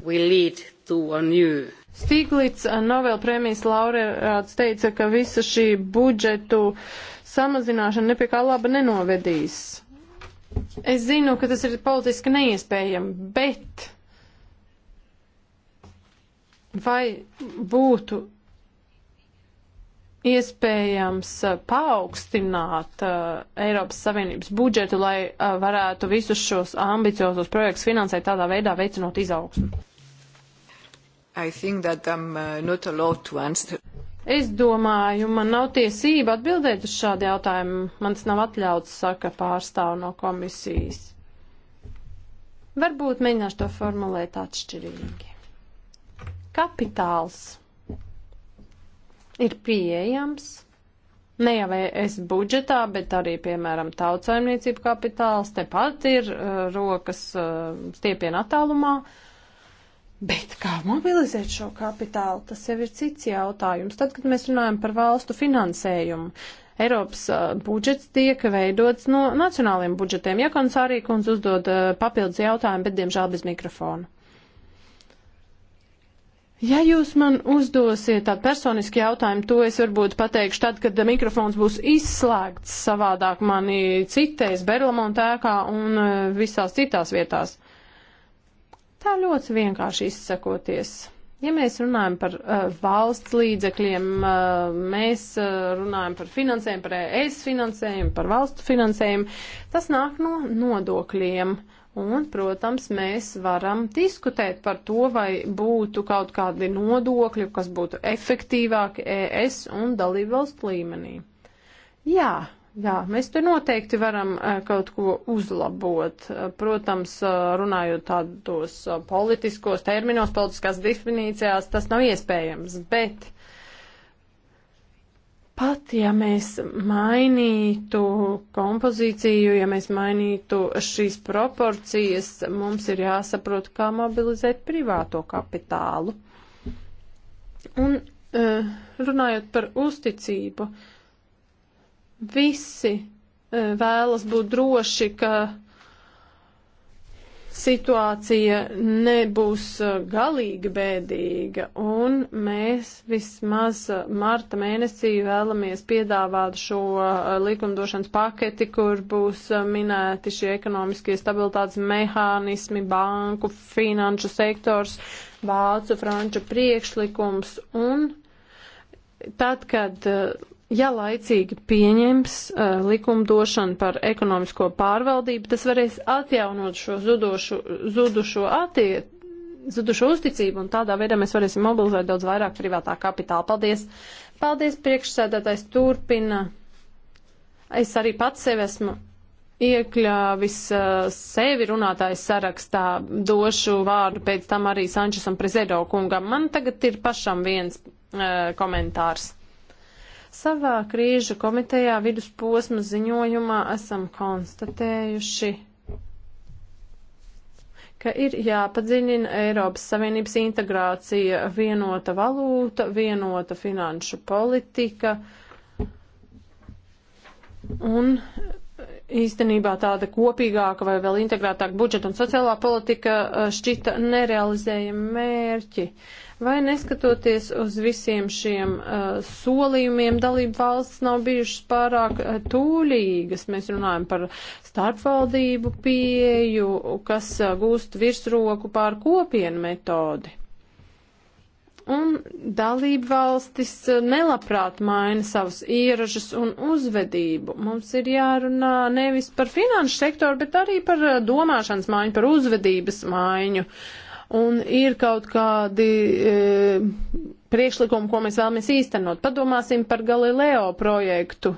We lead to a new Stiglits, Nobelpremijas laureāts, teica, ka visa šī budžetu samazināšana nepie kā laba nenovedīs. Es zinu, ka tas ir politiski neiespējami, bet vai būtu iespējams paaugstināt uh, Eiropas Savienības budžetu, lai uh, varētu visus šos ambiciozus projektus finansēt tādā veidā, veicinot izaugsmu? I think that I'm uh, not allowed to answer. Es domāju, man nav tiesība atbildēt uz šādu jautājumu. Mans nav atļauts, saka pārstāv no komisijas. Varbūt mēģināšu to formulēt atšķirīgi. Kapitāls ir pieejams ne jau es budžetā, bet arī, piemēram, tautsaimniecību kapitāls. Tepat ir uh, rokas uh, stiepiena attālumā. Uh, Bet kā mobilizēt šo kapitālu, tas jau ir cits jautājums. Tad, kad mēs runājam par valstu finansējumu, Eiropas uh, budžets tiek veidots no nacionāliem budžetiem. Ja konsārī kundze uzdod uh, papildus jautājumu, bet diemžēl bez mikrofona. Ja jūs man uzdosiet tādu personisku jautājumu, to es varbūt pateikšu tad, kad mikrofons būs izslēgts savādāk mani citēs Berlamont ēkā un uh, visās citās vietās. Uh, Tā ļoti vienkārši izsakoties. Ja mēs runājam par uh, valsts līdzekļiem, uh, mēs uh, runājam par finansējumu, par ES finansējumu, par valstu finansējumu, tas nāk no nodokļiem. Un, protams, mēs varam diskutēt par to, vai būtu kaut kādi nodokļi, kas būtu efektīvāki ES un dalībvalstu līmenī. Jā, Jā, mēs te noteikti varam eh, kaut ko uzlabot. Eh, protams, eh, runājot tādos politiskos terminos, politiskās definīcijās, tas nav iespējams, bet pat ja mēs mainītu kompozīciju, ja mēs mainītu šīs proporcijas, mums ir jāsaprot, kā mobilizēt privāto kapitālu. Un runājot par uzticību, uh, visi e, vēlas būt droši, ka situācija nebūs e, galīgi bēdīga, un mēs vismaz e, marta mēnesī vēlamies piedāvāt šo likumdošanas paketi, kur būs minēti šie ekonomiskie stabilitātes mehānismi, banku, finanšu sektors, vācu, franču priekšlikums, un tad, kad Ja laicīgi pieņems uh, likumdošanu par ekonomisko pārvaldību, tas varēs atjaunot šo zudušu, zudušo attie, zudušo uzticību, un tādā veidā mēs varēsim mobilizēt daudz vairāk privātā kapitāla. Paldies! Paldies, priekšsēdētājs turpina. Es arī pats sevi esmu iekļāvis uh, sevi runātājs sarakstā, došu vārdu pēc tam arī Sančesam Prezedo kungam. Man tagad ir pašam viens uh, komentārs. Savā krīžu komitejā vidusposma ziņojumā esam konstatējuši, ka ir jāpadziļina Eiropas Savienības integrācija, vienota valūta, vienota finanšu politika un īstenībā tāda kopīgāka vai vēl integrētāka budžeta un sociālā politika eh, šķita nerealizējami mērķi. Vai neskatoties uz visiem šiem uh, solījumiem, dalību valsts nav bijušas pārāk uh, tūlīgas. Mēs runājam par starpvaldību pieeju, kas uh, gūst virsroku pār kopienu metodi un dalību valstis eh, nelabprāt maina savus ieražas un uzvedību. Mums ir jārunā nevis par finanšu sektoru, bet arī par eh, domāšanas maiņu, par uzvedības maiņu. Un ir kaut kādi e, priekšlikumi, ko mēs vēlamies īstenot. Padomāsim par Galileo projektu. E,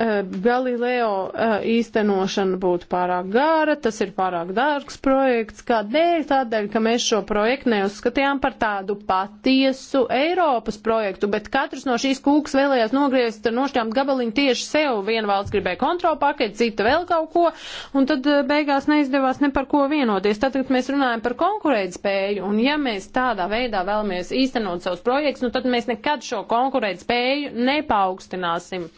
Eh, Galileo eh, īstenošana būtu pārāk gara, tas ir pārāk dārgs projekts. Kādēļ? Tādēļ, ka mēs šo projektu neuzskatījām par tādu patiesu Eiropas projektu, bet katrs no šīs kūks vēlējās nogriezt nošķēmt gabaliņu tieši sev. Viena valsts gribēja kontrolu paketi, cita vēl kaut ko, un tad eh, beigās neizdevās ne par ko vienoties. Tātad mēs runājam par konkurētspēju, un ja mēs tādā veidā vēlamies īstenot savus projektus, nu tad mēs nekad šo konkurētspēju nepaukstināsim.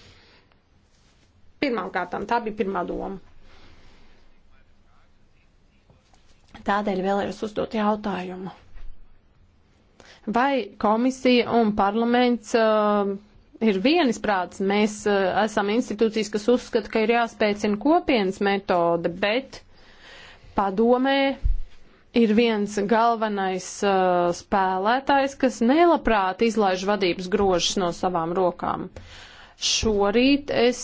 Pirmām kārtām tā bija pirmā doma. Tādēļ vēlējos uzdot jautājumu. Vai komisija un parlaments uh, ir vienisprāts? Mēs uh, esam institūcijas, kas uzskata, ka ir jāspēcina kopienas metode, bet padomē ir viens galvenais uh, spēlētājs, kas nelabprāt izlaiž vadības grožus no savām rokām. Uh, Šorīt es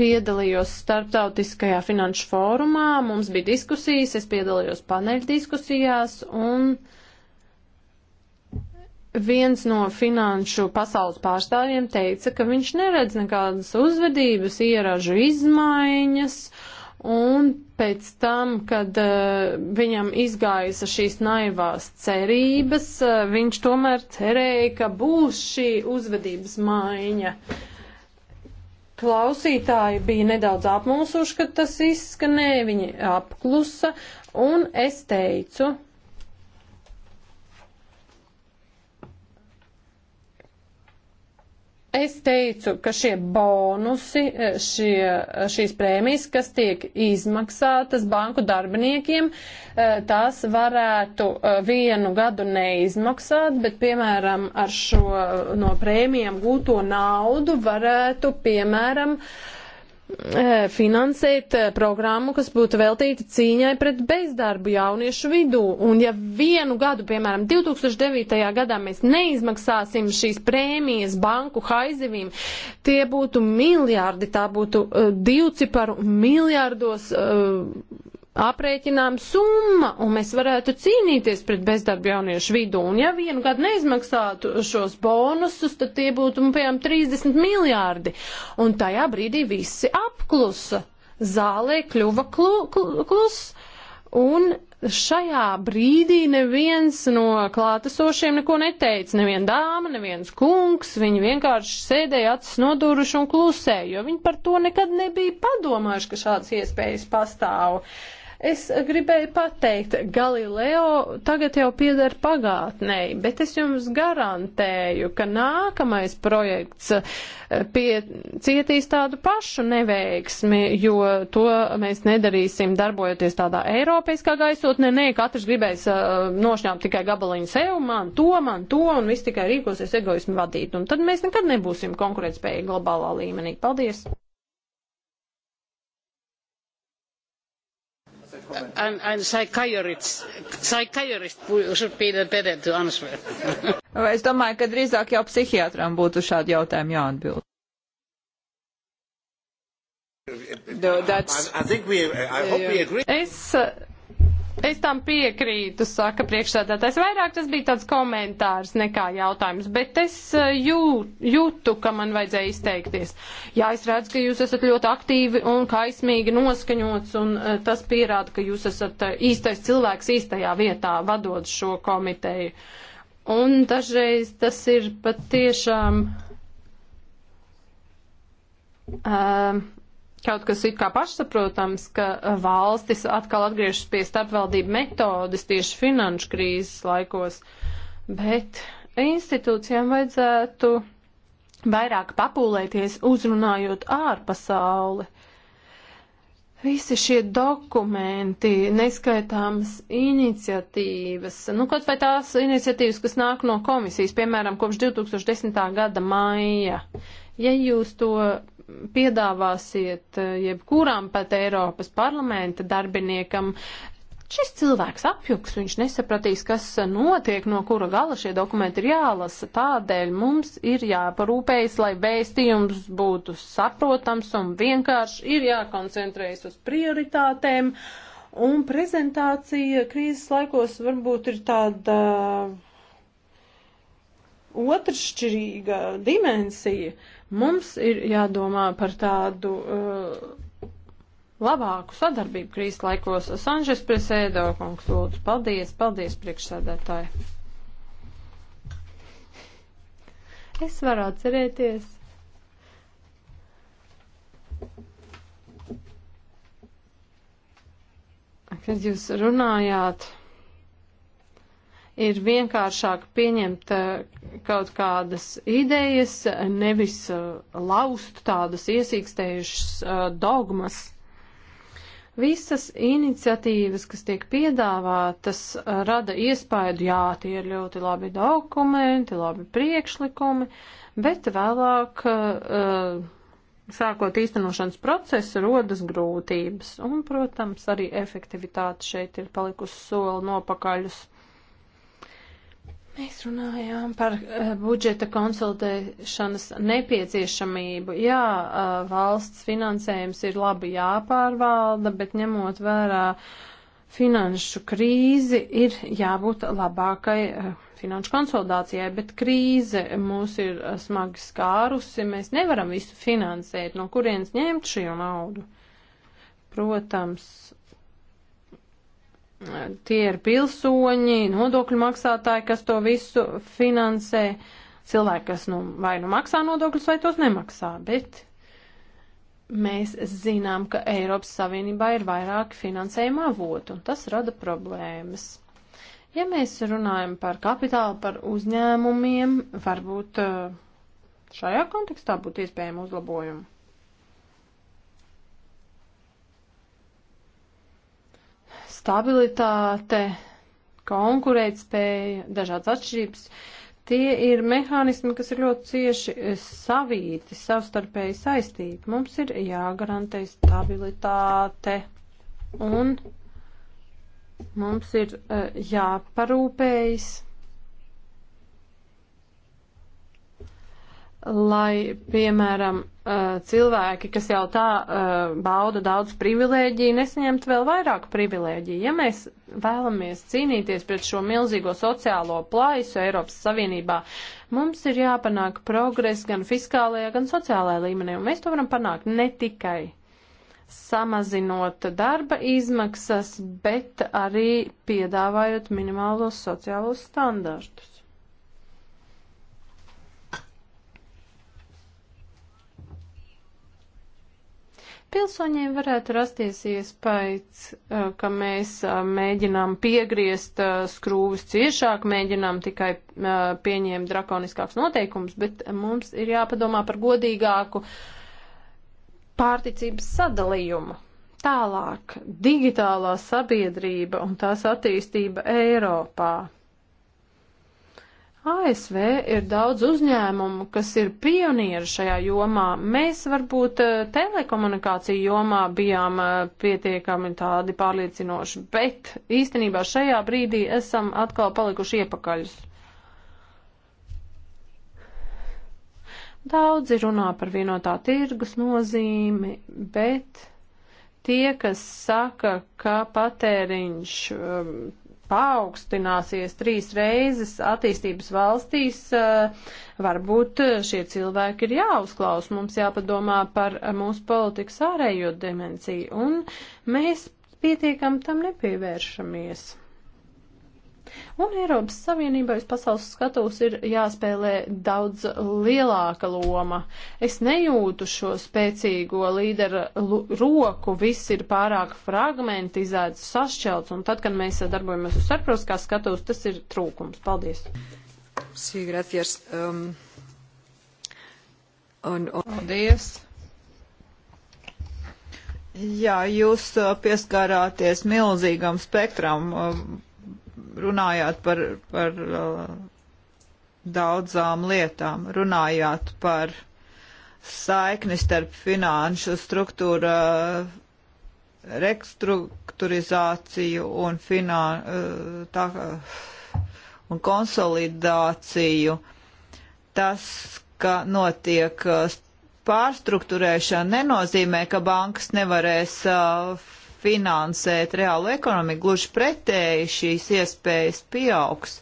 piedalījos starptautiskajā finanšu fórumā, mums bija diskusijas, es piedalījos paneļdiskusijās un viens no finanšu pasaules pārstāvjiem teica, ka viņš neredz nekādas uzvedības, ieražu izmaiņas un pēc tam, kad uh, viņam izgājusa šīs naivās cerības, uh, viņš tomēr cerēja, ka būs šī uzvedības maiņa. Uh, klausītāji bija nedaudz apmulsuši, kad tas izskanēja, viņi apklusa, un es teicu, Es teicu, ka šie bonusi, e, šie, e, šīs prēmijas, kas tiek izmaksātas banku darbiniekiem, e, tās varētu vienu gadu neizmaksāt, bet, piemēram, ar šo no prēmijām gūto naudu varētu, piemēram, uh, Eh, finansēt eh, programmu, kas būtu veltīta cīņai pret bezdarbu jauniešu vidū. Un ja vienu gadu, piemēram, 2009. gadā mēs neizmaksāsim šīs prēmijas banku haizivīm, tie būtu miljārdi, tā būtu uh, divciparu miljārdos. Uh, aprēķinām summa, un mēs varētu cīnīties pret bezdarbu jauniešu vidū. Un ja vienu gadu neizmaksātu šos bonusus, tad tie būtu, nu, piemēram, 30 miljārdi. Un tajā brīdī visi apklusa. Zālē kļuva klu, klu, klus. Un šajā brīdī neviens no klātesošiem neko neteica. Neviena dāma, neviens kungs. Viņi vienkārši sēdēja acis noduruši un klusēja, jo viņi par to nekad nebija padomājuši, ka šādas iespējas pastāv. Uh, Es gribēju pateikt, Galileo tagad jau pieder pagātnei, bet es jums garantēju, ka nākamais projekts eh, pie, cietīs tādu pašu neveiksmi, jo to mēs nedarīsim darbojoties tādā eiropeiskā gaisotnē. Nē, katrs gribēs uh, nošņāpt tikai gabaliņu sev, man to, man to, un viss tikai rīkosies egoismu vadīt. Un tad mēs nekad nebūsim konkurētspējīgi globālā līmenī. Paldies! and, and psychiatrists, psychiatrists should be the better to answer. es domāju, ka drīzāk jau psihiatram būtu šādi jautājumi jāatbild. No, that's, I, I think we, I hope we agree. Es uh, Es tam piekrītu, saka priekšsēdētājs. Vairāk tas bija tāds komentārs nekā jautājums, bet es eh, jū, jūtu, ka man vajadzēja izteikties. Jā, es redzu, ka jūs esat ļoti aktīvi un kaismīgi noskaņots, un eh, tas pierāda, ka jūs esat eh, īstais cilvēks īstajā vietā vadot šo komiteju. Un dažreiz tas ir pat tiešām. Uh, kaut kas it kā pašsaprotams, ka valstis atkal atgriežas pie starpvaldību metodes tieši finanšu krīzes laikos, bet institūcijām vajadzētu vairāk papūlēties, uzrunājot ārpasauli. Visi šie dokumenti, neskaitāmas iniciatīvas, nu kaut vai tās iniciatīvas, kas nāk no komisijas, piemēram, kopš 2010. gada maija, ja jūs to piedāvāsiet eh, jebkuram pat Eiropas parlamenta darbiniekam. Šis cilvēks apjuks, viņš nesapratīs, kas notiek, no kura gala šie dokumenti ir jālasa. Tādēļ mums ir jāparūpējas, lai vēstījums būtu saprotams un vienkārši ir jākoncentrējas uz prioritātēm. Un prezentācija krīzes laikos varbūt ir tāda otršķirīga dimensija. Mums ir jādomā par tādu uh, labāku sadarbību krīzes laikos. Sanžes Presēdo, kungs, lūdzu, paldies, paldies priekšsēdētāji. Es varu atcerēties. Kad jūs runājāt ir vienkāršāk pieņemt eh, kaut kādas idejas, nevis eh, laust tādas iesīkstējušas eh, dogmas. Visas iniciatīvas, kas tiek piedāvātas, rada iespēju, jā, tie ir ļoti labi dokumenti, labi priekšlikumi, bet vēlāk, sākot īstenošanas procesu, rodas grūtības. Un, protams, arī efektivitāte šeit ir palikusi soli nopakaļus. Mēs runājām par uh, budžeta konsolidēšanas nepieciešamību. Jā, uh, valsts finansējums ir labi jāpārvalda, bet ņemot vērā finanšu krīzi, ir jābūt labākai uh, finanšu konsolidācijai, bet krīze mūs ir uh, smagi skārusi, mēs nevaram visu finansēt, no kurienes ņemt šo naudu. Protams, Tie ir pilsoņi, nodokļu maksātāji, kas to visu finansē. Cilvēki, kas nu, vai nu maksā nodokļus, vai tos nemaksā, bet mēs zinām, ka Eiropas Savienībā ir vairāk finansējuma avotu, un tas rada problēmas. Ja mēs runājam par kapitālu, par uzņēmumiem, varbūt eh, šajā kontekstā būtu iespējama uzlabojuma. stabilitāte, konkurētspēja, dažādas atšķirības. Tie ir mehānismi, kas ir ļoti cieši eh, savīti, savstarpēji saistīti. Mums ir jāgarantē stabilitāte un mums ir eh, jāparūpējas. Uh, lai, piemēram, cilvēki, kas jau tā bauda daudz privilēģiju, nesaņemtu vēl vairāk privilēģiju. Ja mēs vēlamies cīnīties pret šo milzīgo sociālo plaisu Eiropas Savienībā, mums ir jāpanāk progress gan fiskālajā, gan sociālajā līmenī, un mēs to varam panākt ne tikai samazinot darba izmaksas, bet arī piedāvājot minimālos sociālos standartus. Pilsoņiem varētu rasties iespējas, ka mēs mēģinām piegriezt skrūvis ciešāk, mēģinām tikai pieņemt drakoniskāks noteikums, bet mums ir jāpadomā par godīgāku pārticības sadalījumu. Tālāk, digitālā sabiedrība un tās attīstība Eiropā. ASV ir daudz uzņēmumu, kas ir pionieri šajā jomā. Mēs varbūt eh, telekomunikāciju jomā bijām eh, pietiekami tādi pārliecinoši, bet īstenībā šajā brīdī esam atkal palikuši iepakaļus. Daudzi runā par vienotā tirgus nozīmi, bet tie, kas saka, ka patēriņš ehm, paaugstināsies trīs reizes attīstības valstīs, eh, varbūt eh, šie cilvēki ir jāuzklaus, mums jāpadomā par eh, mūsu politikas ārējo dimensiju, un mēs pietiekam tam nepievēršamies. Un Eiropas Savienībai uz pasaules skatūs ir jāspēlē daudz lielāka loma. Es nejūtu šo spēcīgo līdera roku, viss ir pārāk fragmentizēts, sašķelts, un tad, kad mēs darbojamies uz starptautiskā skatūs, tas ir trūkums. Paldies! Sí, gracias. Um, un, un... Paldies! Jā, jūs uh, pieskārāties milzīgam spektram. Um, runājāt par, par uh, daudzām lietām, runājāt par saikni starp finanšu struktūra restruktūrizāciju un, finan, uh, tā, uh, un konsolidāciju. Tas, ka notiek pārstruktūrēšana, nenozīmē, ka bankas nevarēs finansēt reālu ekonomiku, gluži pretēji šīs iespējas pieaugs.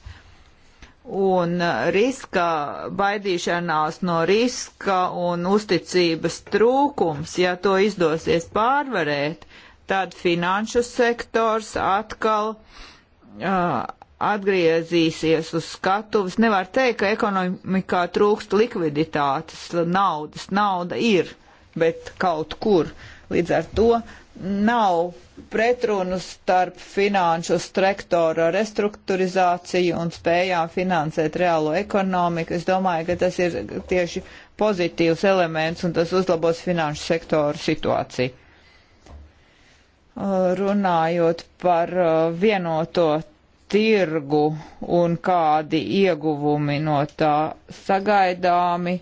Un uh, riska baidīšanās no riska un uzticības trūkums, ja to izdosies pārvarēt, tad finanšu sektors atkal uh, atgriezīsies uz skatuves. Nevar teikt, ka ekonomikā trūkst likviditātes, naudas. Nauda ir, bet kaut kur. Līdz ar to uh, nav pretrunu starp finanšu sektora restruktūrizāciju un spējām finansēt reālo ekonomiku. Es domāju, ka tas ir tieši pozitīvs elements un tas uzlabos finanšu sektoru situāciju. Uh, runājot par uh, vienoto tirgu un kādi ieguvumi no tā sagaidāmi,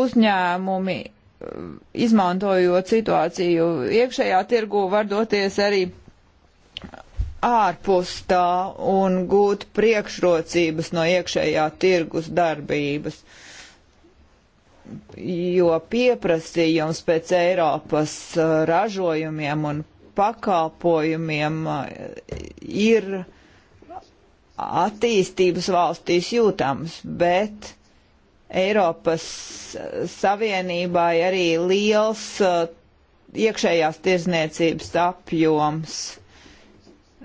uzņēmumi izmantojot situāciju iekšējā tirgu, var doties arī ārpus tā un gūt priekšrocības no iekšējā tirgus darbības. Jo pieprasījums pēc Eiropas uh, ražojumiem un pakalpojumiem uh, ir attīstības valstīs jūtams, bet Eiropas eh, Savienībai arī liels uh, iekšējās tirzniecības apjoms.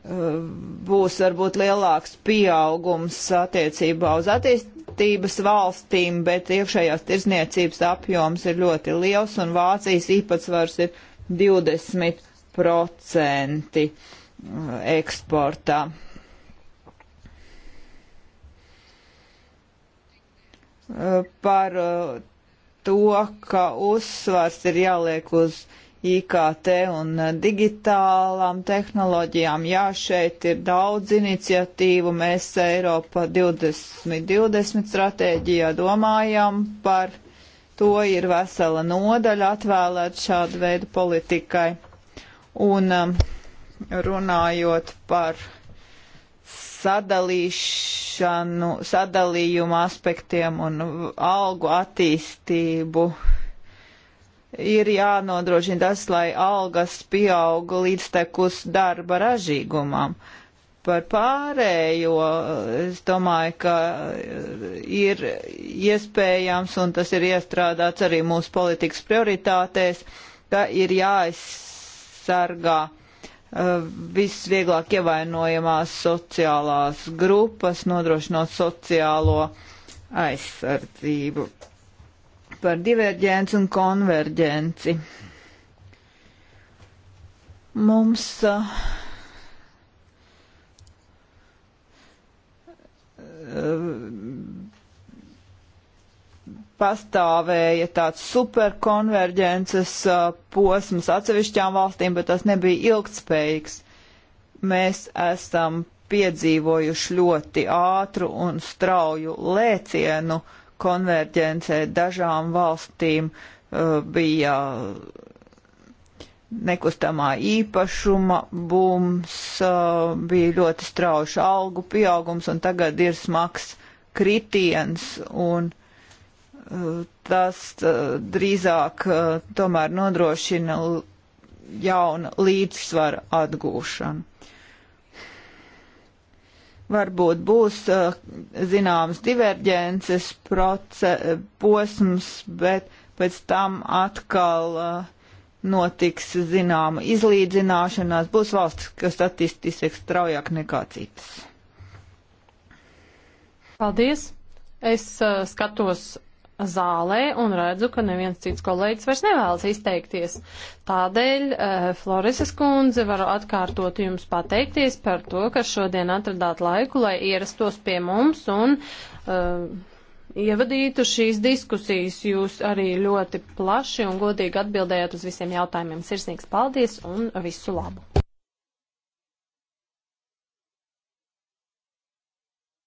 Uh, būs varbūt lielāks pieaugums attiecībā uz attīstības valstīm, bet iekšējās tirzniecības apjoms ir ļoti liels un Vācijas īpatsvars ir 20% eksportā. par uh, to, ka uzsvars ir jāliek uz IKT un uh, digitālām tehnoloģijām. Jā, šeit ir daudz iniciatīvu. Mēs Eiropa 2020 stratēģijā domājam par to. Ir vesela nodaļa atvēlēt šādu veidu politikai. Un um, runājot par sadalīšanu, sadalījumu aspektiem un algu attīstību. Ir jānodrošina tas, lai algas pieauga līdztekus darba ražīgumam. Par pārējo es domāju, ka ir iespējams, un tas ir iestrādāts arī mūsu politikas prioritātēs, ka ir jāaizsargā visvieglāk ievainojamās sociālās grupas, nodrošinot sociālo aizsardzību par diverģenci un konverģenci. Mums uh, pastāvēja tāds superkonverģences uh, posms atsevišķām valstīm, bet tas nebija ilgtspējīgs. Mēs esam piedzīvojuši ļoti ātru un strauju lēcienu konverģencē dažām valstīm uh, bija nekustamā īpašuma bums, uh, bija ļoti strauši algu pieaugums un tagad ir smags kritiens un uh, tas drīzāk tomēr nodrošina jauna līdzsvara atgūšanu. Varbūt būs zināmas diverģences posms, bet pēc tam atkal notiks zināma izlīdzināšanās. Būs valsts, kas attīstīsies straujāk nekā citas. Paldies! Es uh, skatos zālē un redzu, ka neviens cits kolēģis vairs nevēlas izteikties. Tādēļ uh, eh, Florises kundze varu atkārtot jums pateikties par to, ka šodien atradāt laiku, lai ierastos pie mums un uh, ievadītu šīs diskusijas. Jūs arī ļoti plaši un godīgi atbildējāt uz visiem jautājumiem. Sirsnīgs paldies un visu labu!